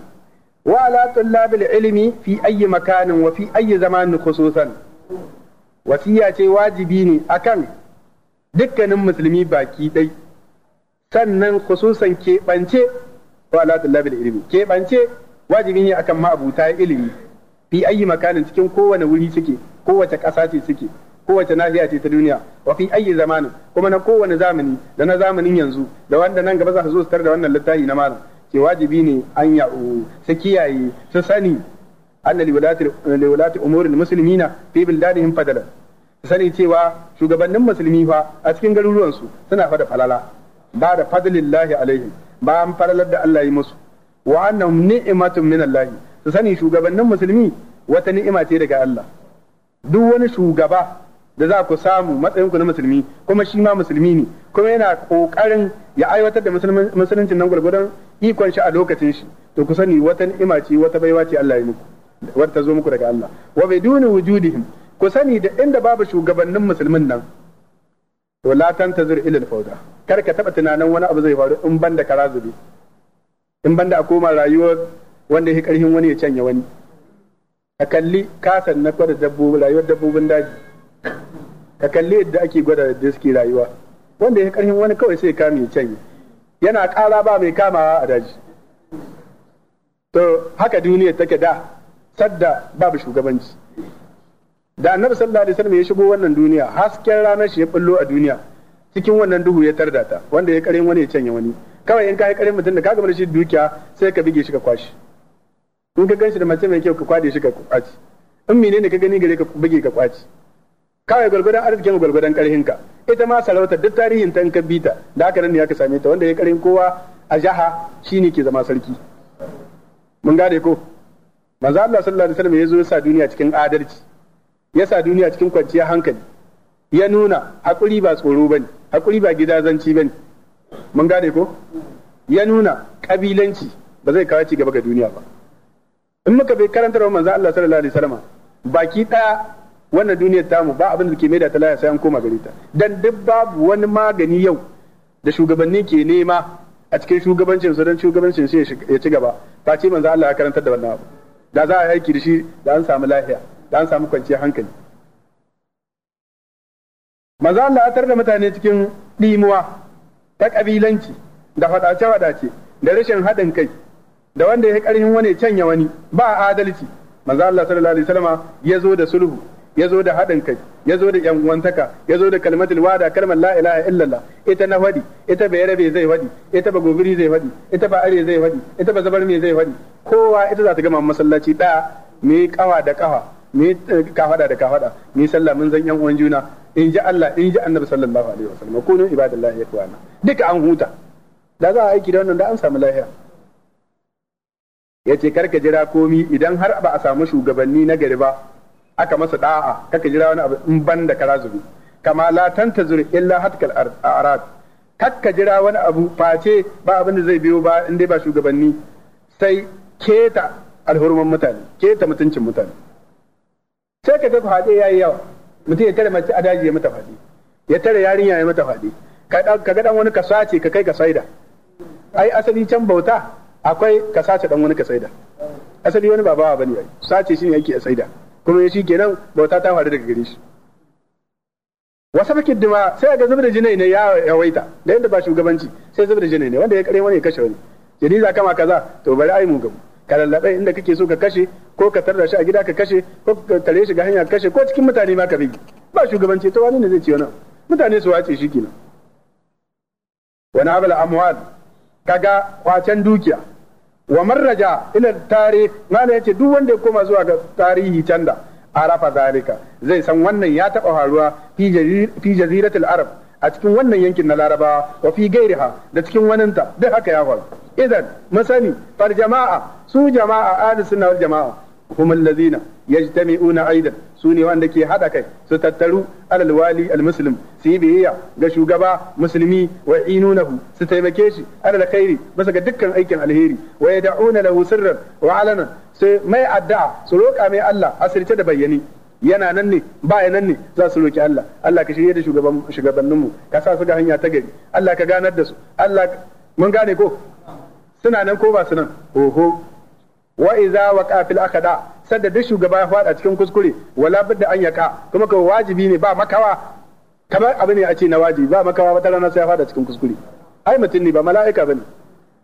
wa ala tullab al fi ayyi makanin wa fi ayyi zamanin khususan wasiya ce wajibi ne akan dukkanin musulmi baki sannan khususan keɓance wa ala tullabil ilmi keɓance wajibi ne akan ma'abuta ilimi fi ayi makanin cikin kowane wuri suke kowace ƙasa ce suke kowace nahiya ce ta duniya wa fi ayi zamanin kuma na kowane zamani da na zamanin yanzu da wanda nan gaba za su zo su tar da wannan littafi na malam ke wajibi ne an ya su kiyaye su sani anna liwalati umuril muslimina fi bildanihim fadala sani cewa shugabannin musulmi fa a cikin garuruwansu suna fada falala ba da fadlillahi alaihim bayan falalar da Allah yi musu wa annahum ni'matun min Allah su sani shugabannin musulmi wata ni'ima ce daga Allah duk wani shugaba da za ku samu matsayinku na musulmi kuma shi ma musulmi ne kuma yana kokarin ya aiwatar da musuluncin nan gwargwadon ikon shi a lokacin shi to ku sani wata ni'ima ce wata baiwa ce Allah ya muku wadda ta zo muku daga Allah wa biduni wujudihim ku sani da inda babu shugabannin musulmin nan to la tantazir ilal fawda kar ka taba tunanin wani abu zai faru in banda kara zubi in banda a koma rayuwar wanda yake karhin wani ya canya wani ka kalli kasan na kwada dabbobi rayuwar dabbobin daji ka kalli yadda ake gwada da diski rayuwa wanda yake karhin wani kawai sai kame ya canya yana kara ba mai kamawa a daji to haka duniya take da sadda babu shugabanci da annabi sallallahu alaihi wasallam ya shigo wannan duniya hasken ranar shi ya bullo a duniya cikin wannan duhu ya tarda ta wanda ya karin wani ya canya wani kawai in ka yi karin mutum da ka gama shi dukiya sai ka bige shi ka kwashi in ka ganshi da mace mai kyau ka kwade shi ka kwaci in menene ka gani gare ka bige ka kwaci kawai gwargwadon arzikin gwargwadon karhin ka ita ma sarauta duk tarihin ta in ka bita da haka nan ne aka same ta wanda ya karin kowa a jaha shine ke zama sarki mun gane ko manzo Allah sallallahu alaihi wasallam ya zo sa duniya cikin adalci ya sa duniya cikin kwanciyar hankali ya nuna haƙuri ba tsoro ba ne haƙuri ba gidazanci ne mun gane ko ya nuna ƙabilanci ba zai kawo ci gaba ga duniya ba in muka bai karanta da manzo Allah sallallahu alaihi wasallam baki ɗaya wannan duniyar tamu ba abin da ke maida ta laya sai an koma gare ta dan duk babu wani magani yau da shugabanni ke nema a cikin shugabancin su dan shugabancin su ya ci gaba ce manzo Allah ya karantar da wannan abu da za a yi aiki da shi da an samu lafiya da an samu kwanciyar hankali maza Allah ya da mutane cikin ɗimuwa ta ƙabilanci da faɗace-faɗace da rashin haɗin kai da wanda ya ƙarfin wani canya wani ba adalci maza Allah sallallahu alaihi wasallama ya zo da sulhu ya zo da haɗin kai ya zo da yanwantaka ya zo da kalmatul wada kalmar la ilaha illallah ita na faɗi ita ba yarabe zai wadi ita ba gobiri zai wadi ita ba are zai wadi ita ba zabar ne zai wadi kowa ita za ta gama masallaci ɗaya mai kawa da kawa mi eh, ka fada da ka fada ni sallah mun zan yan uwan juna in ji Allah in ji Annabi sallallahu alaihi wasallam kunu ibadallahi kwana duka an huta da za a aiki da wannan da an samu lafiya yace karka jira komi idan har ba a samu shugabanni na gari ba aka masa da'a kaka jira wani abu in ban da kara zubi kama la tantazur illa hatkal arad kaka jira wani abu face ba abin da zai biyo ba in dai ba shugabanni sai keta alhurman mutane keta mutuncin mutane sai ka haɗe ya yi yawa mutum ya tare mace a daji ya mata faɗi ya tare yarinya ya mata faɗi ka ga ɗan wani ka sace ka kai ka saida ai asali can bauta akwai ka sace ɗan wani ka saida asali wani ba bawa bane sace shi ne yake a saida kuma shi kenan bauta ta faru daga gare shi wasu fakin dima sai ga zubar da jinai ne ya yawaita da yadda ba shugabanci sai zubar da jinai ne wanda ya kare wani ya kashe wani jadi za kama kaza to bari ai mu gamu ka lallaɓe inda kake so ka kashe ko ka tarda shi a gida ka kashe ko ka tare shi ga hanya ka kashe ko cikin mutane ma ka bi ba shugabanci ta wani ne zai ci wani mutane su wace shi kenan wani abal amwal kaga kwacen dukiya wa marraja ila tare mana yace duk wanda ya koma zuwa ga tarihi canda arafa zalika zai san wannan ya taɓa faruwa fi jaziratul arab a cikin wannan yankin na Laraba wa fi gairiha da cikin waninta duk haka ya faru idan sani far jama'a su jama'a ahli sunna wal jama'a hum allazina yajtami'una aidan su ne wanda ke hada kai su tattaru alal wali al muslim su yi biyayya ga shugaba musulmi wa inunahu su taimake shi alal khairi bisa ga dukkan aikin alheri wa yad'una lahu sirran wa alanan sai mai addu'a su roƙa mai Allah asirce da bayyane. yana nan ne ba ya nan ne za su roki Allah Allah ka shirye da shugaban shugabanninmu ka sa su ga hanya ta gari Allah ka ganar da su Allah mun gane ko suna nan ko ba su nan oho wa iza waqa fil akada sadda da shugaba ya fada cikin kuskure wala budda an yaka kuma ka wajibi ne ba makawa kamar abin ne a ce na wajibi ba makawa ba tarana sai ya fada cikin kuskure ai mutum ne ba mala'ika bane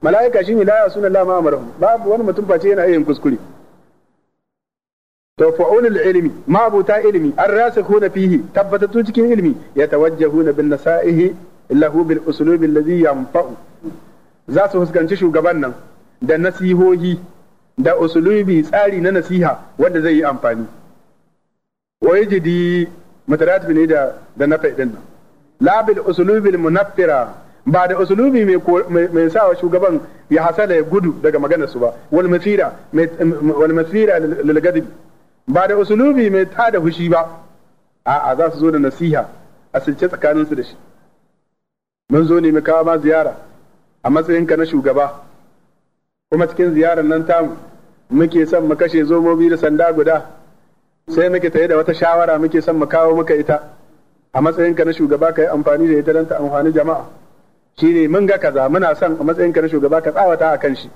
mala'ika shine la yasuna Allah ma amarahu babu wani mutum face yana yin kuskure to ilimi, ilmi ma'abuta ilmi an rasikhuna fihi tabbatatu cikin ilmi yatawajjahuna bin nasaihi lahu bil uslubi alladhi yanfa'u za su fuskanci shugaban nan da nasihohi da uslubi tsari na nasiha wanda zai yi amfani wa yajidi mutarat ne da da nafa din nan la bil uslubi al ba da usulubi mai mai sawa shugaban ya hasala ya gudu daga maganar su ba wal ba da usulubi mai ta da hushi ba a'a za su zo da nasiha a silce tsakaninsu da shi mun zo ne mu kawo ma ziyara a matsayinka na shugaba kuma cikin ziyarar nan tamu muke son mu kashe zomobi da sanda guda sai muke tayi da wata shawara muke son mu kawo muka ita a matsayinka na shugaba ka yi amfani da ita don ta amfani jama'a shi ne mun ga kaza muna son a matsayinka na shugaba ka tsawata a kan shi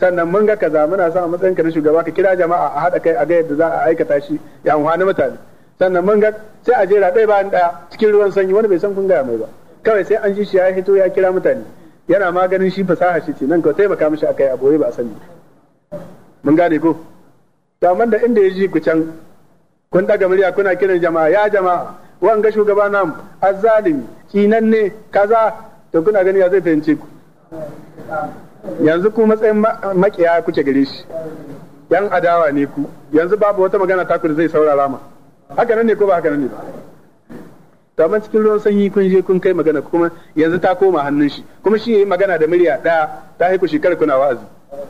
sannan mun ga kaza muna son a matsayin ka na shugaba ka kira jama'a a haɗa kai a ga yadda za a aikata shi ya amfani mutane sannan mun ga sai a jera ɗaya bayan ɗaya cikin ruwan sanyi wani bai san kun gaya mai ba kawai sai an ji shi ya hito ya kira mutane yana maganin shi fasaha shi ce nan ka taimaka mishi akai a ba a sani mun gane ko to amma da inda ya ji ku can kun daga murya kuna kiran jama'a ya jama'a ga shugaba namu azzalimi ne kaza to kuna gani ya zai fahimce ku yanzu ku matsayin makiya kuke gare shi yan adawa ne ku yanzu babu wata magana taku da zai saurara ma haka nan ne ko ba haka nan ne ba to amma cikin ruwan sanyi kun je kun kai magana kuma yanzu ta koma hannun shi kuma shi yayi magana da murya daya ta haiku shekara kuna wa'azi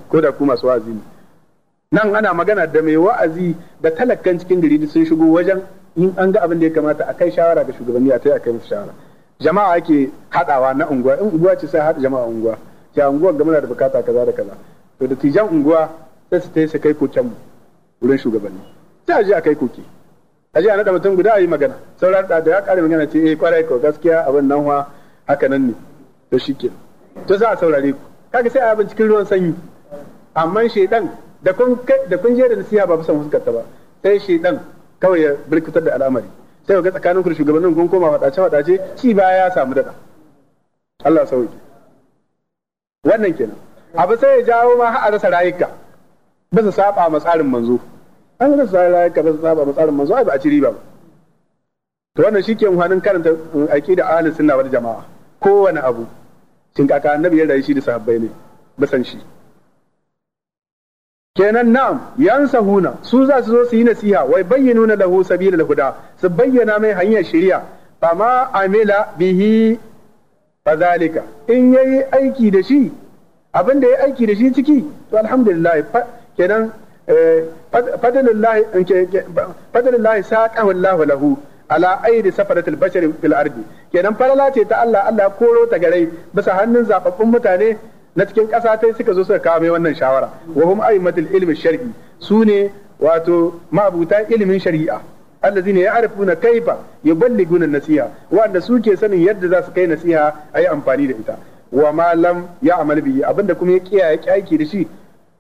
ko da ku masu wa'azi ne nan ana magana da mai wa'azi da talakkan cikin gari sun shigo wajen in an ga abin da ya kamata a kai shawara ga shugabanni a tai a kai musu shawara jama'a ake hadawa na unguwa in unguwa ce sai haɗa jama'a unguwa Ga unguwa ga muna da bukata kaza da kaza to da tijan unguwa sai su tayi kai koken mu wurin shugabanni sai a je a kai koke a je a nada mutum guda a yi magana sauran da ya kare magana ce eh kwarai ko gaskiya abin nan wa haka nan ne to shike to za a saurare ku kaga sai a abin cikin ruwan sanyi amma shedan da kun da kun je da nasiha ba san fuskar ta ba sai shedan kawai ya birkitar da al'amari sai ga tsakanin ku shugabannin kun koma fadace fadace ci baya ya samu dada Allah sauki wannan kenan abu sai ya jawo ma har a rasa rayuka ba su saba ma tsarin manzo an rasa rayuka ba su saba ma tsarin manzo ai ba a ci riba ba to wannan shike muhanin karanta um, aqida ahlus sunna wal jamaa kowane abu cin kaka annabi ya rayu shi da sahabbai ne ba san shi kenan na'am yansahuna su za su zo su yi nasiha wai bayyanuna lahu sabilal huda su bayyana mai hanyar shari'a fama amila bihi fazalika in yayi aiki da shi abin da ya aiki da shi ciki to alhamdulillah kenan eh, fadlillahi eh, saqahu lahu ala aidi safaratul bashar fil ardi kenan falala ce ta Allah Allah koro ta garai bisa hannun zababbun mutane na cikin ƙasa ta suka zo suka kawo mai wannan shawara wa hum aimatul ilmi shar'i sune wato ma'abuta ilimin shari'a allazina ya'rifuna kaifa yuballiguna an-nasiha wanda suke sanin yadda za su kai nasiha ayi amfani da ita wa ma lam ya'mal bihi abinda kuma ya kiyaye aiki da shi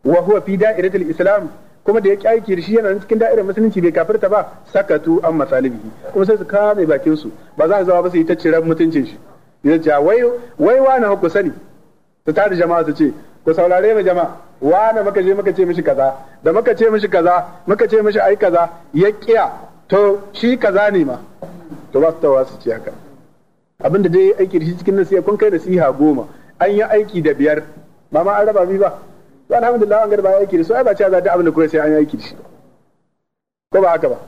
wa huwa fi da'iratil islam kuma da ya ki aiki da shi yana cikin da'irar musulunci bai kafirta ba sakatu an masalibihi kuma sai su kame bakin su ba za su zama ba su yi ta ciran mutuncin shi ya ja wai wai wani ku sani su tare jama'a su ce ku saurare mu jama'a wani maka je muka ce mishi kaza da muka ce mishi kaza muka ce mishi ai kaza ya kiya to shi kaza ne ma to ba su tawa su ci haka abin da dai aiki da shi cikin nasiha kun kai nasiha goma an yi aiki da biyar ba ma an raba biyu ba to alhamdulillah an garba ba aiki da su ai ba cewa za ta abin da kuma sai an yi aiki da shi ko ba haka ba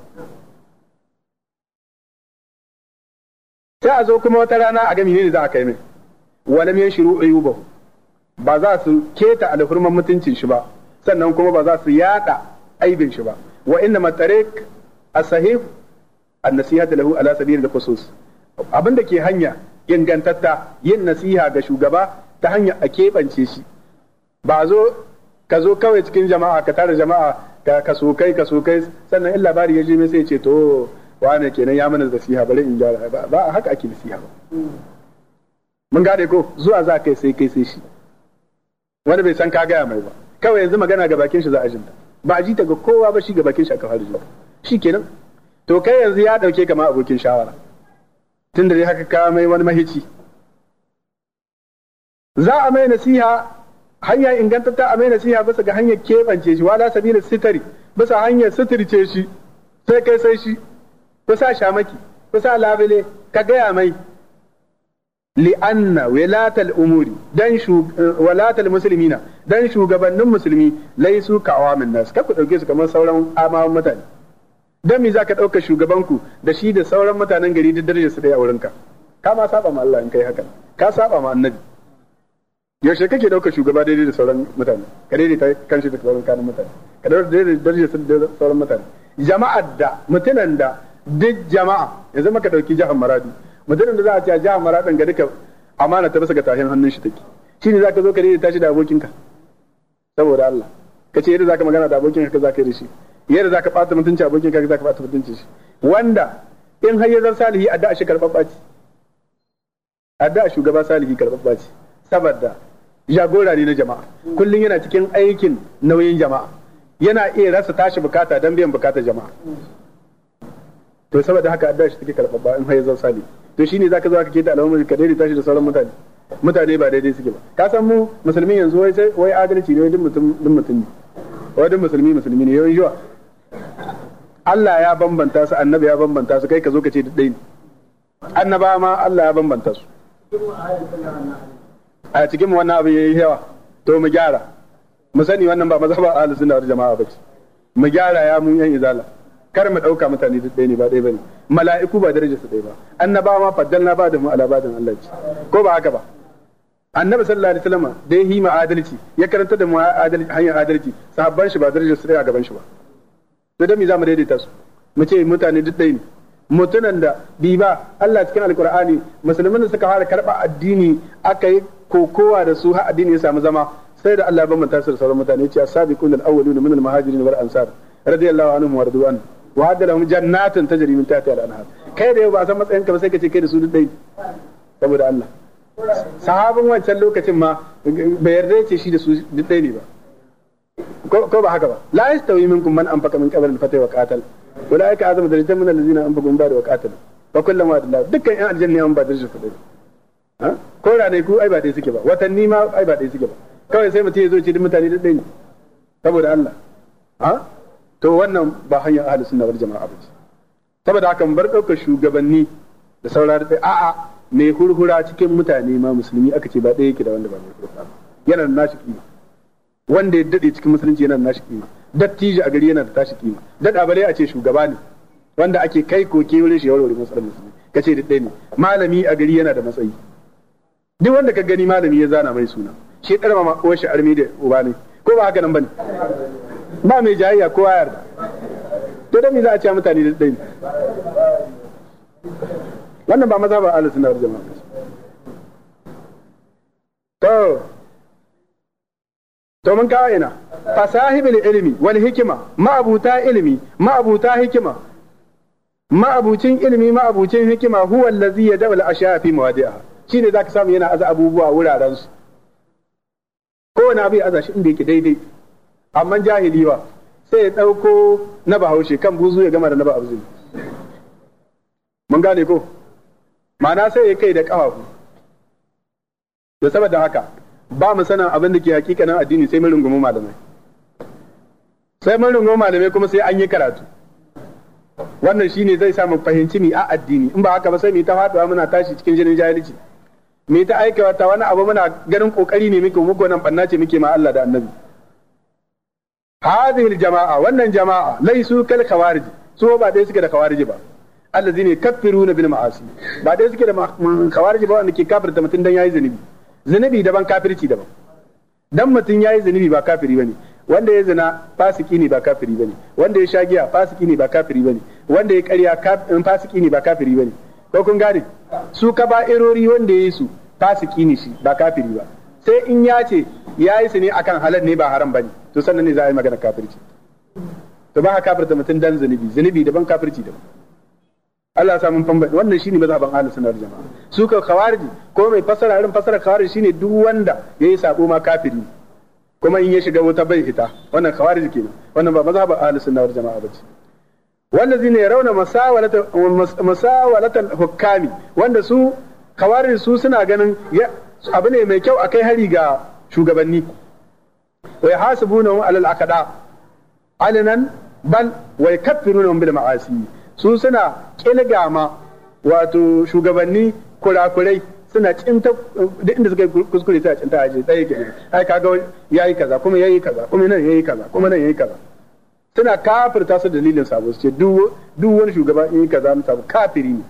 sai a zo kuma wata rana a ga ne za a kai mai mai shiru ayuba ba za su keta alhurman mutuncin shi ba sannan kuma ba za su yada aibin shi ba wa inna matarik A sahih an-nasihatu lahu ala sabil da khusus abin da ke hanya ingantatta yin nasiha ga shugaba ta hanya a keɓance shi ba zo ka zo kawai cikin jama'a ka tara jama'a ka kaso kai kaso kai sannan in labari ya je mai sai ce to wane kenan ya mana nasiha bari in gyara ba a haka ake nasiha ba mun gane ko zuwa za kai sai kai sai shi wani bai san ka gaya mai ba kawai yanzu magana ga bakin shi za a jinta ba a ji ta ga kowa ba shi ga bakin shi aka fara jinta kenan? to kai yanzu ya dauke kama abokin shawara tunda dai haka ka mai wani mahici za a mai nasiha hanya ingantatta a mai nasiha bisa ga hanyar keɓance shi wala sabila sitari bisa hanyar sitirce shi sai kai sai shi bisa shamaki bisa labile ka gaya mai li'anna wilatal umuri dan eh, walatal muslimina dan shugabannin musulmi laisu ka awamin nas ka ku dauke su kamar sauran amawan mutane don me zaka ɗauka shugabanku da shi da sauran mutanen gari da darajar su da wurin ka ka ma saba ma Allah in kai haka ka saba ma annabi yaushe kake ɗauka shugaba daidai da sauran mutane ka daidai ta kan shi da sauran kanin mutane ka daidai da darajar su da sauran mutane jama'ar da mutanen da duk jama'a yanzu maka ɗauki jihar Maradi mutumin da za a ce a jihar Maradin ga duka amana ta bisa ga tahin hannun shi take shi ne za ka zo ka daidai ta shi da abokinka saboda Allah ka ce yadda za ka magana da abokinka ka ka yi da shi yadda ka ɓata mutunci abokin ka ka ɓata mutunci shi wanda in har zan salihi da'a shi karɓar ɓaci da'a shugaba salihi karɓar ɓaci saboda jagora ne na jama'a kullum yana cikin aikin nauyin jama'a yana iya rasa tashi bukata don biyan bukatar jama'a to saboda haka addu'a shi take karɓar ba in har zan salihi to shine ka zo ka keta al'ummar ka daidai tashi da sauran mutane mutane ba daidai suke ba ka san mu musulmi yanzu wai adalci ne wai duk mutum duk mutum ne wai duk musulmi musulmi ne yawan yawa Allah ya bambanta su annabi ya bambanta su kai ka zo ka ce duk ɗaya ne annaba ma Allah ya bambanta su a cikin wannan abin yayi yawa to mu gyara mu sani wannan ba mazhaba ahlus sunna wal jama'a bace mu gyara ya mun yan izala kar mu dauka mutane duk ɗaya ne ba ɗaya bane mala'iku ba darajar su ɗaya ba annaba ma faddalna ba da mu ala badan Allah ce ko ba haka ba annabi sallallahu alaihi wasallam da yi ma adalci ya karanta da mu adalci hanyar adalci sahabban shi ba darajar su ɗaya a gaban shi ba to dan me za daidaita su mu ce mutane duk ɗaya ne mutunan da bi ba Allah cikin alkur'ani musulmin da suka fara karɓa addini aka yi kokowa da su har addini ya samu zama sai da Allah ya bambanta su da sauran mutane ya ce asabiqun al-awwaluna min al-muhajirin wal ansar radiyallahu anhum wa radwan wa hadda lahum jannatin tajri min tahtiha al-anhar kai da yau ba san matsayin ka ba sai ka ce kai da su duk ɗaya saboda Allah sahabin wancan lokacin ma bai yarda ya ce shi da su duk ɗaya ne ba ko ba haka ba la yastawi minkum man anfaqa min qabl al-fatih wa qatal ulaika azam darajatan min allazina anfaqu min ba'd wa qatal fa kullama adalla dukkan yan aljanna an ba darajar su ha ko da ne ku ai ba dai suke ba watanni ma ai ba dai suke ba kawai sai mutum ya zo ce duk mutane da ne saboda Allah ha to wannan ba hanyar ahli sunna wal jama'a ba ce saboda haka bar ɗaukar shugabanni da saurari da a'a mai hurhura cikin mutane ma musulmi aka ce ba ɗaya yake da wanda ba mai hurhura yana da nashi kima wanda ya dade cikin musulunci yana da nashi kima dattijo a gari yana da tashi kima dada bare a ce shugaba ne wanda ake kai koke wurin shi warware matsalar musulmi ka da daɗe ne malami a gari yana da matsayi duk wanda ka gani malami ya zana mai suna shi ɗarma ma uwar shi armi da uba ne ko ba haka nan bane ba mai jayayya ko wayar to da me za a ce mutane da ɗaya ne wannan ba maza ba ahlus sunna jama'a to to mun kawo ina fasahibul ilmi wal hikima ma'abuta ilmi ma'abuta hikima ma'abucin ilmi ma'abucin hikima huwa allazi yad'u al ashya fi mawadi'ha shine zaka samu yana aza abubuwa wuraren su ko abu ya aza shi inda yake daidai amma jahili ba sai ya dauko na bahaushe kan buzu ya gama da na ba abuzu mun gane ko ma'ana sai ya kai da kafafu da saboda haka ba mu sanin abin da ke nan addini sai mun rungumi malamai sai mun rungumi malamai kuma sai an yi karatu wannan shine zai sa mu fahimci mi a addini in ba haka ba sai mu ta faduwa muna tashi cikin jinin jahilci mu ta aikawa ta wani abu muna ganin kokari ne muke muku nan banna ce muke ma Allah da Annabi hadhihi jama'a wannan jama'a laisu kal khawarij su ba dai suke da khawarij ba ne kafiruna bil ma'asi ba dai suke da khawarij ba wanda ke kafirta mutun dan yayi zanibi zunubi daban kafirci daban dan mutum ya yi zunubi ba kafiri bane wanda ya zina fasiki ne ba kafiri bane wanda ya sha giya fasiki ne ba kafiri bane wanda ya karya fasiki ne ba kafiri bane ko kun gane su ka ba irori wanda ya yi su fasiki ne shi ba kafiri ba sai in ya ce ya yi su ne akan halal ne ba haram bane to sannan ne za a yi magana kafirci to ba ka kafirta mutum dan zunubi zunubi daban kafirci daban Allah ya samu fambaɗi wannan shi shine mazhaban ahlus sunna wal jama'a su ka khawariji ko mai fasara irin fasara khawariji shine duk wanda yayi sako ma kafiri kuma in ya shiga wuta bai hita wannan khawariji kenan wannan ba mazhaban ahlus sunna wal jama'a bace wallazi ne rauna masawalatan masawalatan hukami wanda su khawariji su suna ganin abu ne mai kyau akai hari ga shugabanni wa yahasibunahum alal aqda alanan bal wa yakaffirunahum bil ma'asi su suna kilga wato shugabanni kurakurai suna cinta duk inda suka yi kuskure suna cinta aji tsaye ke ai kaga yayi kaza kuma yayi kaza kuma nan yayi kaza kuma nan yayi kaza suna kafirta su dalilin sabo su ce duk wani shugaba yayi kaza mu sabo kafiri ne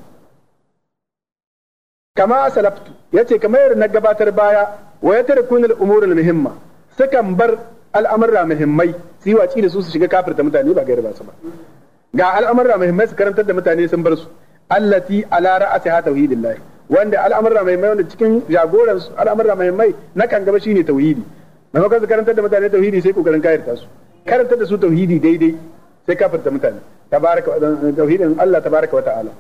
kama salaftu yace kamar yadda na gabatar baya wa yatarkunul umurul muhimma sukan bar al'amurra muhimmai su yi waci da su su shiga kafirta mutane ba gaira ba su ba ga al'amurra muhimmai su karantar da mutane sun bar su allati ala ra'asi ha tauhidillahi wanda al'amurra muhimmai wanda cikin jagoran su al'amurra muhimmai na kan gaba shine tauhidi maimakon su karantar da mutane tauhidi sai kokarin kayarta su karantar da su tauhidi daidai sai kafirta mutane tabaraka tauhidin Allah tabaraka wa ta'ala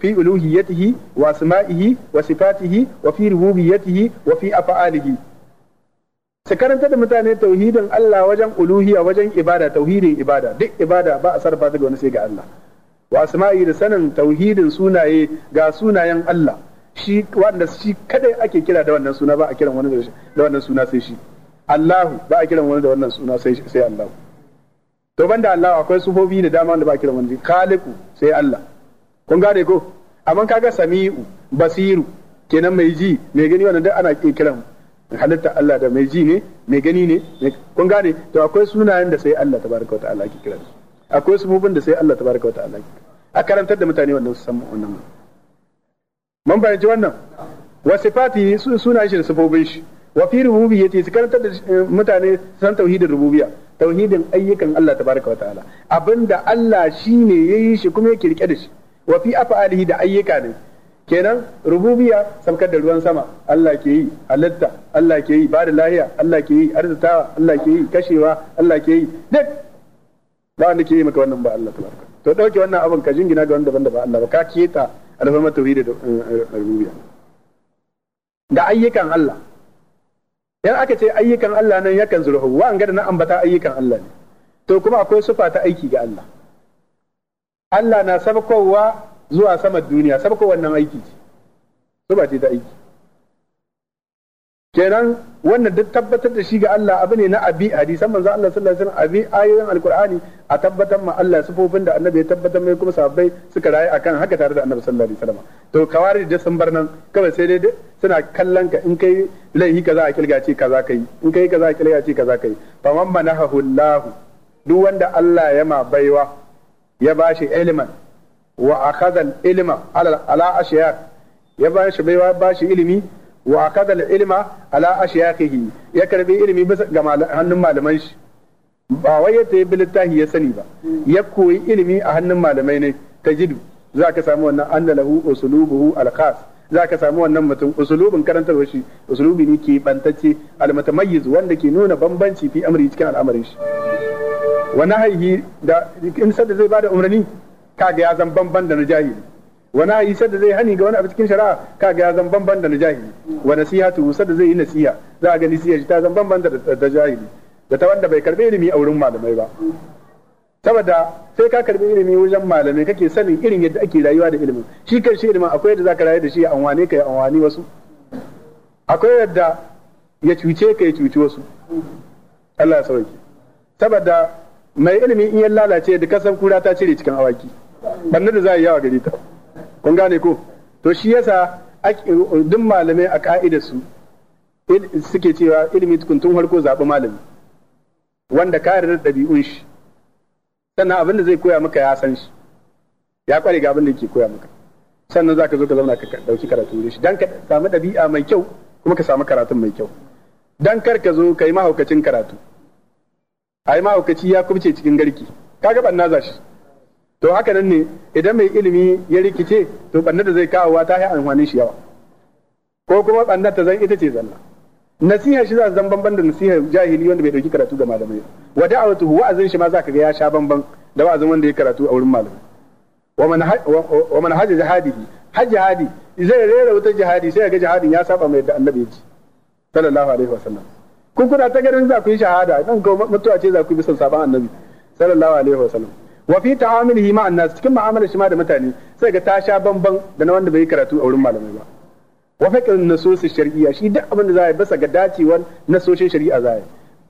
في ألوهيته وأسمائه وصفاته وفي ربوبيته وفي أفعاله ta karanta da mutane tauhidin Allah wajen uluhiya wajen ibada tauhidin ibada duk ibada ba a sarrafa daga wani sai ga Allah wa asma'i da sanin tauhidin sunaye ga sunayen Allah shi wanda shi kadai ake kira da wannan suna ba a kiran wani da wannan suna sai shi Allahu ba a kiran wani da wannan suna sai sai Allahu to banda Allahu akwai sufofi da dama wanda ba a kiran wani khaliqu sai Allah kun gane ko amma kaga sami'u basiru kenan mai ji mai gani wannan duk ana kiran halitta Allah da mai ji ne mai gani ne kun gane to akwai sunayen da sai Allah tabaraka wa ta'ala ke kira su akwai sububin da sai Allah tabaraka wa ta'ala ke a karantar da mutane wannan su san wannan mun bayanci wannan wa sifati sunayen shi da sifofin shi wa fi rububiyyati su karantar da mutane san tauhidin rububiyya tauhidin ayyukan Allah tabaraka wa ta'ala abinda Allah shine yayi shi kuma yake kirkire da shi wa fi af'alihi da ayyuka ne kenan rububiya samkar da ruwan sama Allah ke yi halitta Allah ke yi bada lahiya Allah ke yi arzitawa Allah ke yi kashewa Allah ke yi duk ba wanda ke yi maka wannan ba Allah tabaraka to dauke wannan abin ka jingina ga wanda banda ba Allah ba ka keta alfama tauhid da eh, eh, rububiya da ayyukan Allah Idan aka ce ayyukan Allah nan yakan zurhu wa an ga na ambata ayyukan Allah ne to kuma akwai sufa ta aiki ga Allah Allah na sabkowa zuwa samar duniya sabko wannan aiki ce ba ce ta aiki kenan wannan duk tabbatar da shi ga Allah abu ne na abi hadisan manzo Allah sallallahu alaihi wasallam abi ayoyin alqur'ani a tabbatar ma Allah sifofin da annabi ya tabbatar mai kuma sahabbai suka rayu akan haka tare da annabi sallallahu alaihi wasallam to kawari da sun bar nan kawai sai dai suna kallon ka in kai laihi kaza a kilgace kaza kai in kai kaza a kilgace kaza kai fa man manahu Allah duk wanda Allah ya ma baiwa ya bashi ilmin wa akhadha al ala ala ashyaq ya ba shi baiwa ilimi wa akhadha al-ilma a ashyaqihi ya karbi ilimi bisa ga hannun malaman shi ba wai yadda ya littafi ya sani ba ya koyi ilimi a hannun malamai ne tajidu za ka samu wannan annalahu za ka wannan mutum usulubin karantarwa shi usulubi ne ke bantacce almatamayyiz wanda ke nuna bambanci fi amri cikin al'amarin shi wa da in sada zai bada umarni kaga ya zan banban da na jahili wa ayi sadda zai hani ga wani abu cikin shari'a kaga ya zan banban da na jahili wa nasihatu sadda zai yi nasiha za a ga nasiha ta zan banban da jahili da ta wanda bai karbi ilimi a wurin malamai ba saboda sai ka karbi ilimi wajen malamai kake sanin irin yadda ake rayuwa da ilimin shi kan shi ilimin akwai yadda zaka rayu da shi anwane ka ya wani wasu akwai yadda ya cuce ka ya cuci wasu Allah ya sauke saboda mai ilimi in ya lalace da kasan kura ta cire cikin awaki banne da za a yi yawa gare ta kun gane ko to shi yasa duk malamai a ka'idar su suke cewa ilimi tun harko zaɓi malami wanda ka yarda da ɗabi'un shi sannan abin da zai koya maka ya san shi ya kware ga abin da yake koya maka sannan za ka zo ka zauna ka ɗauki karatu da shi dan ka samu ɗabi'a mai kyau kuma ka samu karatun mai kyau dan kar ka zo ka yi mahaukacin karatu a yi mahaukaci ya kubce cikin garki ka ga ɓanna za shi to haka nan ne idan mai ilimi ya rikice to bannar da zai wa ta yi amfani shi yawa ko kuma bannar ta zan ita ce zalla nasiha shi za zan bamban da nasiha jahili wanda bai dauki karatu ga malamai wa da'awatu wa'azin shi ma ka ga ya sha bamban da wa'azin wanda ya karatu a wurin malamai wa man hajja jihadi hajji hadi zai rera wutar jihadi sai ga jihadin ya saba mai da annabi ji sallallahu alaihi wasallam kun kuna ta garin za ku yi shahada dan ga mutuwa ce za ku bi san saban annabi sallallahu alaihi wasallam wa fi ta'amulihi ma annas cikin mu'amalar shi ma da mutane sai ga ta sha bamban da na wanda bai karatu a wurin malamai ba wa an nusus shar'iyya shi duk abin da za ya basa ga dacewar nasoshin shari'a za ya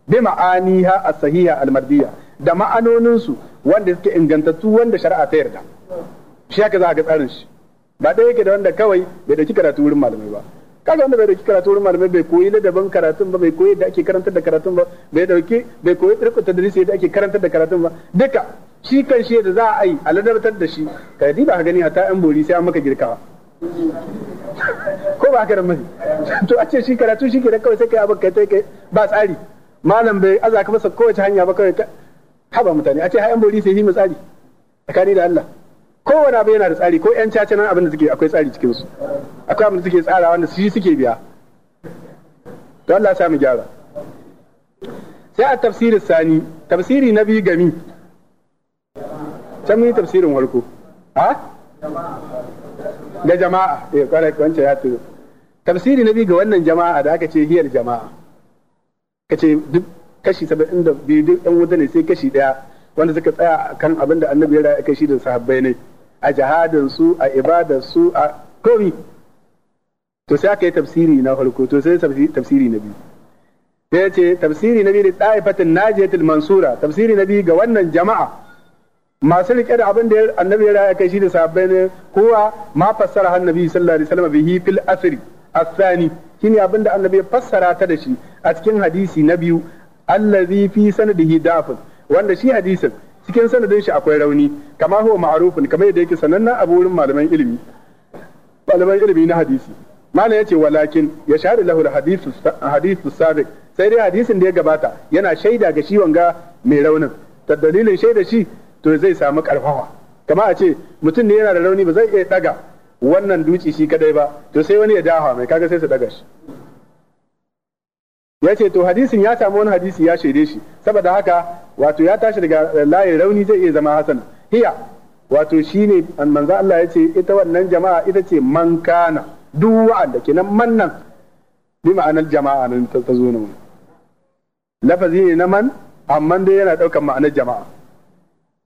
bi ma'aniha as-sahiha al-mardiyya da ma'anonin su wanda suke ingantattu wanda shari'a ta yarda shi haka za ga tsarin shi ba dai yake da wanda kawai bai dauki karatu wurin malamai ba kaga wanda bai dauki karatu wurin malamai bai koyi ladabin karatun ba bai koyi da ake karantar da karatun ba bai dauki bai koyi tsirkuta da ake karantar da karatun ba duka shi kan shi da za a yi a ladabtar da shi ka ba gani hatta yan bori sai an maka girkawa ko ba ka da mafi to a ce shi karatu shi kenan kawai sai kai abin kai kai ba tsari malam bai aza ka masa kowace hanya ba kawai haba mutane a ce hayan bori sai yi mu tsari tsakani da Allah kowane abu yana da tsari ko yan caca nan abin da suke akwai tsari cikin su akwai abin da suke tsara wanda shi suke biya to Allah ya sa mu gyara sai a tafsirin sani tafsiri na biyu gami can mun yi tafsirin warko ha ga jama'a Eh kare kwance ya tuyo tafsiri na ga wannan jama'a da aka ce hiyar jama'a kace duk kashi saba'in da duk yan wuta ne sai kashi daya wanda suka tsaya kan abin da annabi ya raya kashi da sahabbai ne a jihadin su a ibadar su a komi to sai aka yi tafsiri na farko to sai tafsiri na biyu sai ce tafsiri na biyu da ta'ifatin najiyatul mansura tafsiri na biyu ga wannan jama'a masu rike da abin da annabi ya raya kai shi da sahabbai ne kowa ma fassara annabi sallallahu alaihi wasallam bihi fil asri asani shine abin da annabi ya fassara ta da shi a cikin hadisi na biyu allazi fi sanadihi dafin wanda shi hadisin cikin sanadin shi akwai rauni kama huwa ma'rufun kamar yadda yake sanannen abu wurin malaman ilimi malaman ilimi na hadisi malam yace walakin ya shahadu lahu hadithu sabiq sai dai hadisin da ya gabata yana shaida ga shi wanga mai raunin ta dalilin shaida shi to zai samu karfafa kama a ce mutum ne yana da rauni ba zai iya daga wannan duci shi kadai ba to sai wani ya dawa mai kaga sai su daga shi ya ce to hadisin ya samu wani hadisi ya shaide shi saboda haka wato ya tashi daga layin rauni zai iya zama hasana hiya wato shine manzo Allah ya ce ita wannan jama'a ita ce man kana duk wa'anda kenan man nan bi ma'anar jama'a nan ta zo nan lafazi ne na man amma dai yana ɗaukar ma'anar jama'a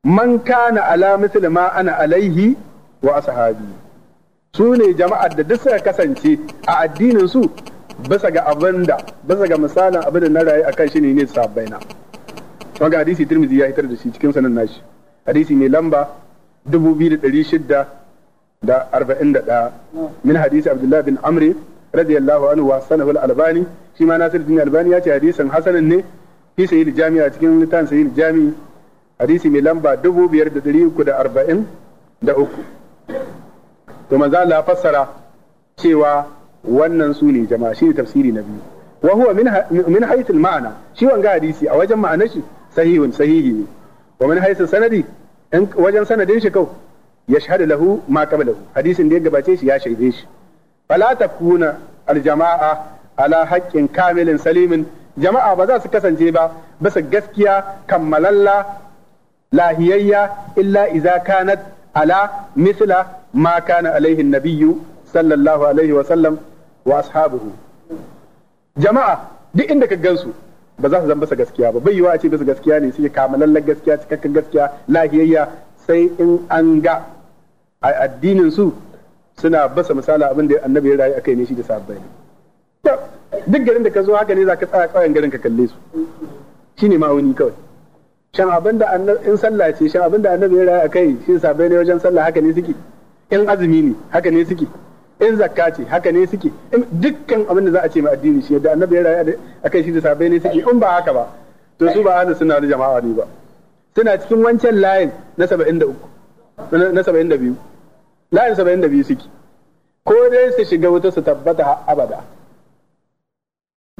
man kana ala misli ma ana alaihi wa ashabi su ne jama'ar da duk suka kasance a addinin su bisa ga abinda bisa ga misalin abin da na rayu akan shi ne ne sabbaina to ga hadisi Tirmidhi ya hitar da shi cikin sanan nashi hadisi ne lamba 2641 min hadisi Abdullah bin Amri radiyallahu anhu wa sanahu al-Albani shi ma Nasiruddin Albani ya ce hadisin hasanan ne fi sahih jami'a cikin litan sahih jami'a hadisi mai lamba dubu biyar da dari uku da arba'in da uku to manzo Allah fassara cewa wannan su ne jama'a shi ne tafsiri na biyu wa huwa min haythul ma'ana shi wanga hadisi a wajen ma'anar shi sahihun sahihi ne wa min haythul sanadi wajen sanadin shi kau shahada lahu ma lahu? hadisin da ya gabace shi ya shaide shi fala takuna aljama'a ala haƙƙin kamilin salimin jama'a ba za su kasance ba bisa gaskiya kammalalla lahiyayya illa idza kanat ala misla ma kana alaihi nabiyyu sallallahu alaihi wa sallam wa ashabuhu jama'a duk inda ka gansu ba za su zan bisa gaskiya ba bai yiwa a ce bisa gaskiya ne suke kamalallar gaskiya cikakken gaskiya lahiyayya sai in an ga a addinin su suna basa misali abin da annabi ya rayu akai ne shi da sabbai duk garin da ka zo haka ne za ka tsaya tsayan garin ka kalle su shine ma'auni kawai shan abin da in sallah ce shan abin da annabi ya raya kai shi sabai ne wajen sallah haka ne suke in azumi ne haka ne suke in zakka ce haka ne suke dukkan abin da za a ce ma addini shi da annabi ya raya kai shi da sabai ne suke in ba haka ba to su ba ahlus suna da jama'a ne ba suna cikin wancan layin na 73 na 72 layin 72 suke ko dai su shiga wuta su tabbata abada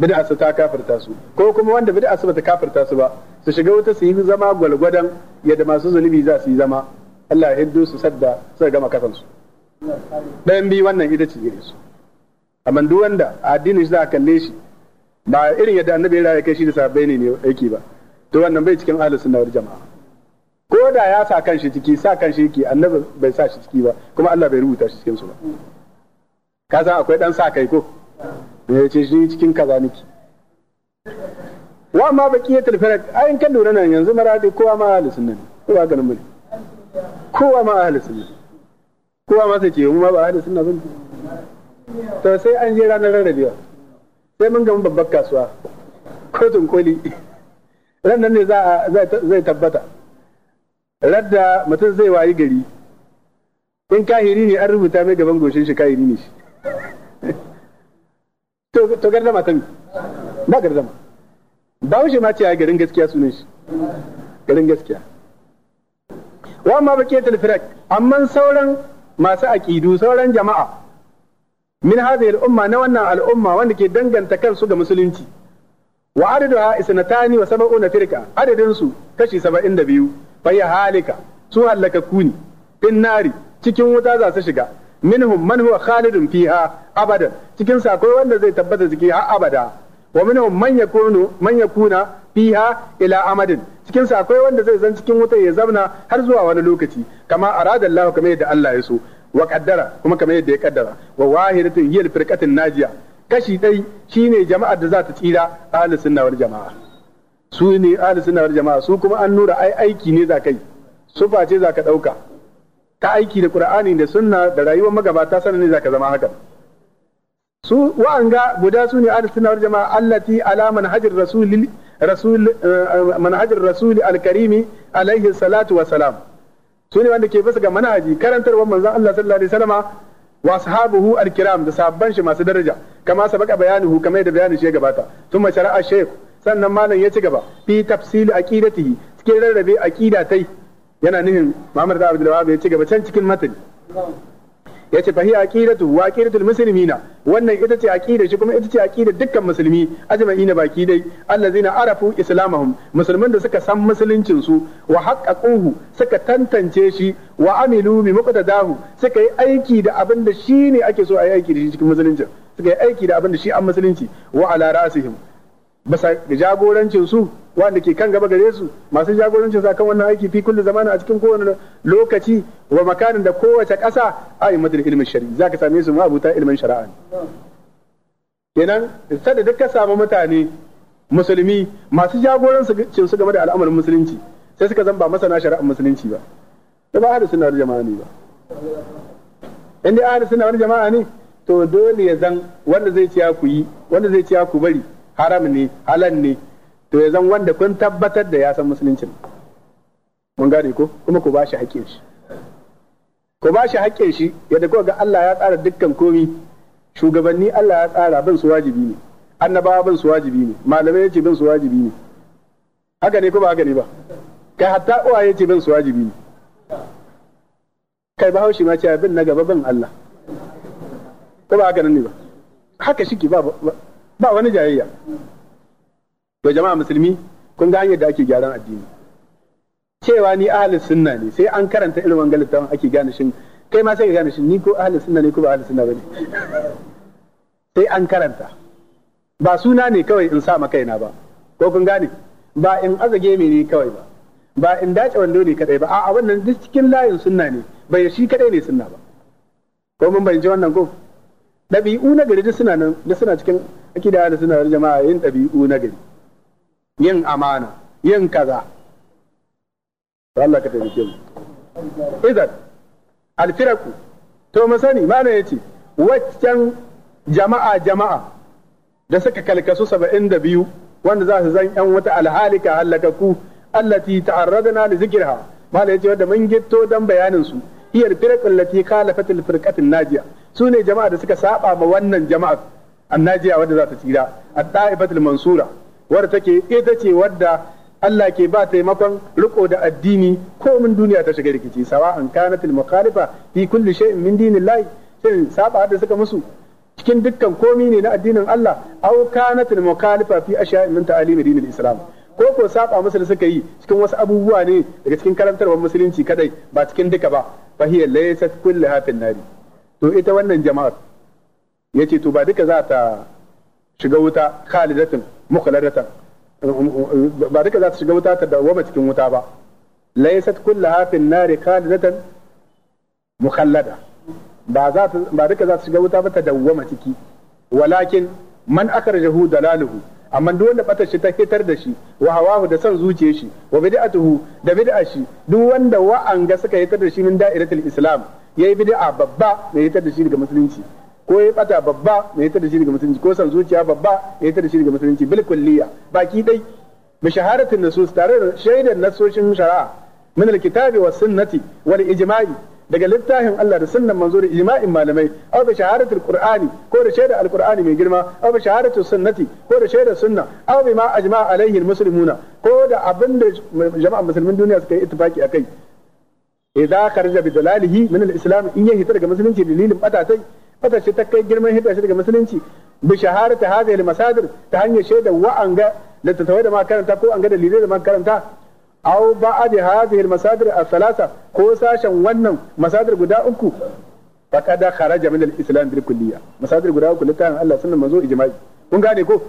bid'a su ta kafirta su ko kuma wanda bid'a su bata kafirta su ba su shiga wuta su yi zama gwalgwadon yadda masu zunubi za su yi zama Allah ya hindu su sadda suka gama kasansu ɗayan biyu wannan ita ce gare su amma duk wanda a addinin shi za a kalle shi ba irin yadda annabi ya kai shi da sabai ne aiki ba to wannan bai cikin ahlus sunna jama'a ko da ya sa kan shi ciki sa kan shi yake annabi bai sa shi ciki ba kuma Allah bai rubuta shi cikin su ba ka san akwai dan sa kai ko ya ce shi cikin kaza niki wa ma baqiyatul firaq ayin kan lura nan yanzu mara da kowa ma ahli sunna ne kowa ganin bane kowa ma ahli sunna kowa ma sai ce mu ma ba ahli sunna bane to sai an je ranar rarrabewa sai mun gama babbar kasuwa kotun koli ran nan ne za zai tabbata radda mutum zai wayi gari in kahiri ne an rubuta mai gaban goshin shi kahiri ne shi to gardama ta mi ba gardama wuce ma ce a garin gaskiya sunan shi garin gaskiya wa ma baqiyatul firaq amma sauran masu aqidu sauran jama'a min hadhihi al-umma na wannan al'umma wanda ke danganta kansu ga musulunci wa adaduha isnatani wa sab'una firqa adadin su kashi 72 fa ya halika su halaka kuni fin nari cikin wuta za su shiga minhum man huwa khalidun fiha abada cikin sa akwai wanda zai tabbata ziki har abada wa minhum man fiha ila amadin cikin sa akwai wanda zai zan cikin wuta ya zamna har zuwa wani lokaci kama arada Allah kamar yadda Allah ya so wa kaddara kuma kamar yadda ya kaddara wa wahidatun yil firqatin najiya kashi dai shine jama'ar da za ta tsira ahlus sunna wal jama'a su ne ahlus sunna wal jama'a su kuma an nura ai aiki ne za kai su face za ka dauka ta aiki da qur'ani da sunna da rayuwar magabata sanin ne za ka zama haka su wa'anga guda su ne ahli sunna wal jama'a allati ala manhajir rasul rasul eh, manhajir rasul al salatu wa salam su ne wanda ke bisa ga manhaji karantarwar manzon Allah sallallahu alaihi wasallama wa ashabuhu al-kiram da sabban shi masu daraja kama sabaka bayanuhu kamar da bayanin shi gabata thumma shara'a shaykh sannan malam ya ci gaba fi tafsil aqidatihi cikin rarrabe aqida tai yana nihin Muhammad da Abdul Wahab ya ci gaba can cikin matan. yace fa hiya aqidatu wa aqidatul muslimina wannan ita ce aqida shi kuma ita ce aqida dukkan musulmi ajma'ina baki dai allazina arafu islamahum musulmin da suka san musuluncin su wa kuhu suka tantance shi wa amilu bi muqtadahu suka yi aiki da abin da shine ake so a yi aiki da shi cikin musuluncin suka yi aiki da abin da shi an musulunci wa ala ra'sihim bisa ga jagorancin su wanda ke kan gaba gare su masu jagorancin su akan wannan aiki fi kulli zamani a cikin kowane lokaci wa makanin da kowace ƙasa a ilimin ilmin za ka same su ma abuta ilmin shari'a kenan sada duk ka samu mutane musulmi masu jagorancin su game da al'amarin musulunci sai suka zan ba masana shari'ar musulunci ba da ba suna sunna jama'a ne ba in dai ahli suna wani jama'a ne to dole ya zan wanda zai ciya ku yi wanda zai ciya ku bari haram ne halal ne to ya zan wanda kun tabbatar da ya san musuluncin mun gane ko kuma ku bashi haƙƙin shi ku bashi haƙƙin shi yadda kuka ga Allah ya tsara dukkan komi shugabanni Allah ya tsara bin su wajibi ne annabawa bin su wajibi ne malamai yace bin su wajibi ne haka ne ko ba haka ne ba kai hatta uwa yace bin su wajibi ne kai bahaushe ma ce bin na gaba bin Allah ko ba haka nan ne ba haka shi ke ba ba wani jayayya to jama'a musulmi kun ga hanyar da ake gyaran addini cewa ni ahlus sunna ne sai an karanta irin wannan littafin ake gane shin kai ma sai ka gane shin ni ko ahlus sunna ne ko ba ahlus sunna bane sai an karanta ba suna ne kawai in sa ma kaina ba ko kun gane ba in azage me ne kawai ba ba in dace wando ne kadai ba a'a wannan duk cikin layin sunna ne bai shi kadai ne sunna ba ko mun bayyance wannan ko ɗabi'u na gari duk suna nan duk suna cikin akida da suna jama'a yin ɗabi'u na gari yin amana yin kaza Allah ka taimake mu idan alfiraku to mu sani mana yace waccan jama'a jama'a da suka kalkasu saba'in da biyu wanda za su zan yan wata alhalika halakaku allati ta'arradna li zikriha ya yace wanda mun gitto dan bayanin su hiya alfirqu allati khalafat alfirqat najiya su ne jama'a da suka saba ma wannan jama'a annajiya wadda za ta tsira ad-da'ibatul mansura wadda take ita ce wadda Allah ke ba taimakon riko da addini ko min duniya ta shiga rikici sawa'an kanatil mukhalifa fi kulli shay'in min dinillahi sai saba da suka musu cikin dukkan komi ne na addinin Allah aw kanatil mukhalifa fi ashya'in min ta'alimi dinil islam ko ko saba musu da suka yi cikin wasu abubuwa ne daga cikin karantarwar musulunci kadai ba cikin duka ba fa hiya laysat kullu hafin nari to ita wannan jama'ar ya ce to ba duka za ta shiga wuta khalidatin mukhladatan ba duka za ta shiga wuta ta dawoma cikin wuta ba laysat kullaha fin nari khalidatan mukhallada ba za ta ba duka za ta shiga wuta ba ta dawoma ciki walakin man akhrajahu dalaluhu amma duk wanda batar shi ta fitar da shi wa hawahu da son zuciye shi wa bid'atuhu da bid'a shi duk wanda wa'anga suka hitar da shi min da'iratul islam ya yi bid'a babba mai hitar da shi daga musulunci ko ya bata babba mai hitar da shi daga musulunci ko san zuciya babba mai hitar da shi daga musulunci bil kulliya baki dai bi shaharatin nusus tare da shaidar nasoshin shari'a min alkitabi was sunnati wal ijma'i daga littafin Allah da sunnan manzo da ijma'in malamai aw bi shaharatul qur'ani ko da shaidar al alqur'ani mai girma aw bi shaharatul sunnati ko da shaidar sunna aw bi ma ajma'a alaihi almuslimuna ko da abinda jama'an musulmin duniya suka yi ittifaki akai idza kharaja bi dalalihi min al-islam in ya hita daga musulunci dalilin batatai batace ta kai girman hita shi daga musulunci bi shaharati hadhihi al-masadir ta hanyar shaida wa'anga littattafai da karanta ko an ga dalilai da ma makaranta aw ba'd hadhihi al-masadir al-thalatha ko sashen wannan masadir guda uku faqad kharaja min al-islam bil kulliyya masadir guda uku littafin Allah sunnan manzo ijma'i kun gane ko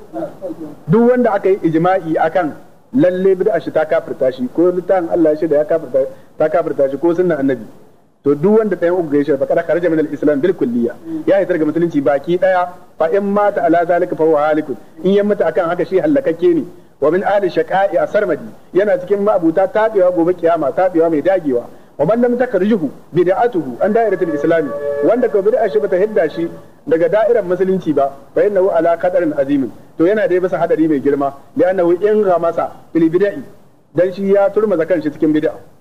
duk wanda aka yi ijma'i akan lalle bid'a shi ta kafirta shi ko littafin Allah ya da ya kafirta ta kafirta shi ko sunnan annabi to duk wanda ɗayan uku gaishe ba kada kharaja min al-islam bil kulliya ya hitar ga musulunci baki daya fa in mata ala zalika fa huwa halikun in ya mata akan haka shi halakakke ne wa min ali shaqa'i asarmadi yana cikin ma'abuta tabewa gobe kiyama tabewa mai dagewa wa man lam bida'atu bid'atuhu an da'iratul islami wanda ka bid'a shi bata hidda shi daga da'irar musulunci ba fa innahu ala qadarin azimin to yana dai bisa hadari mai girma li'annahu in ghamasa fil bid'i dan shi ya turma zakan shi cikin bid'a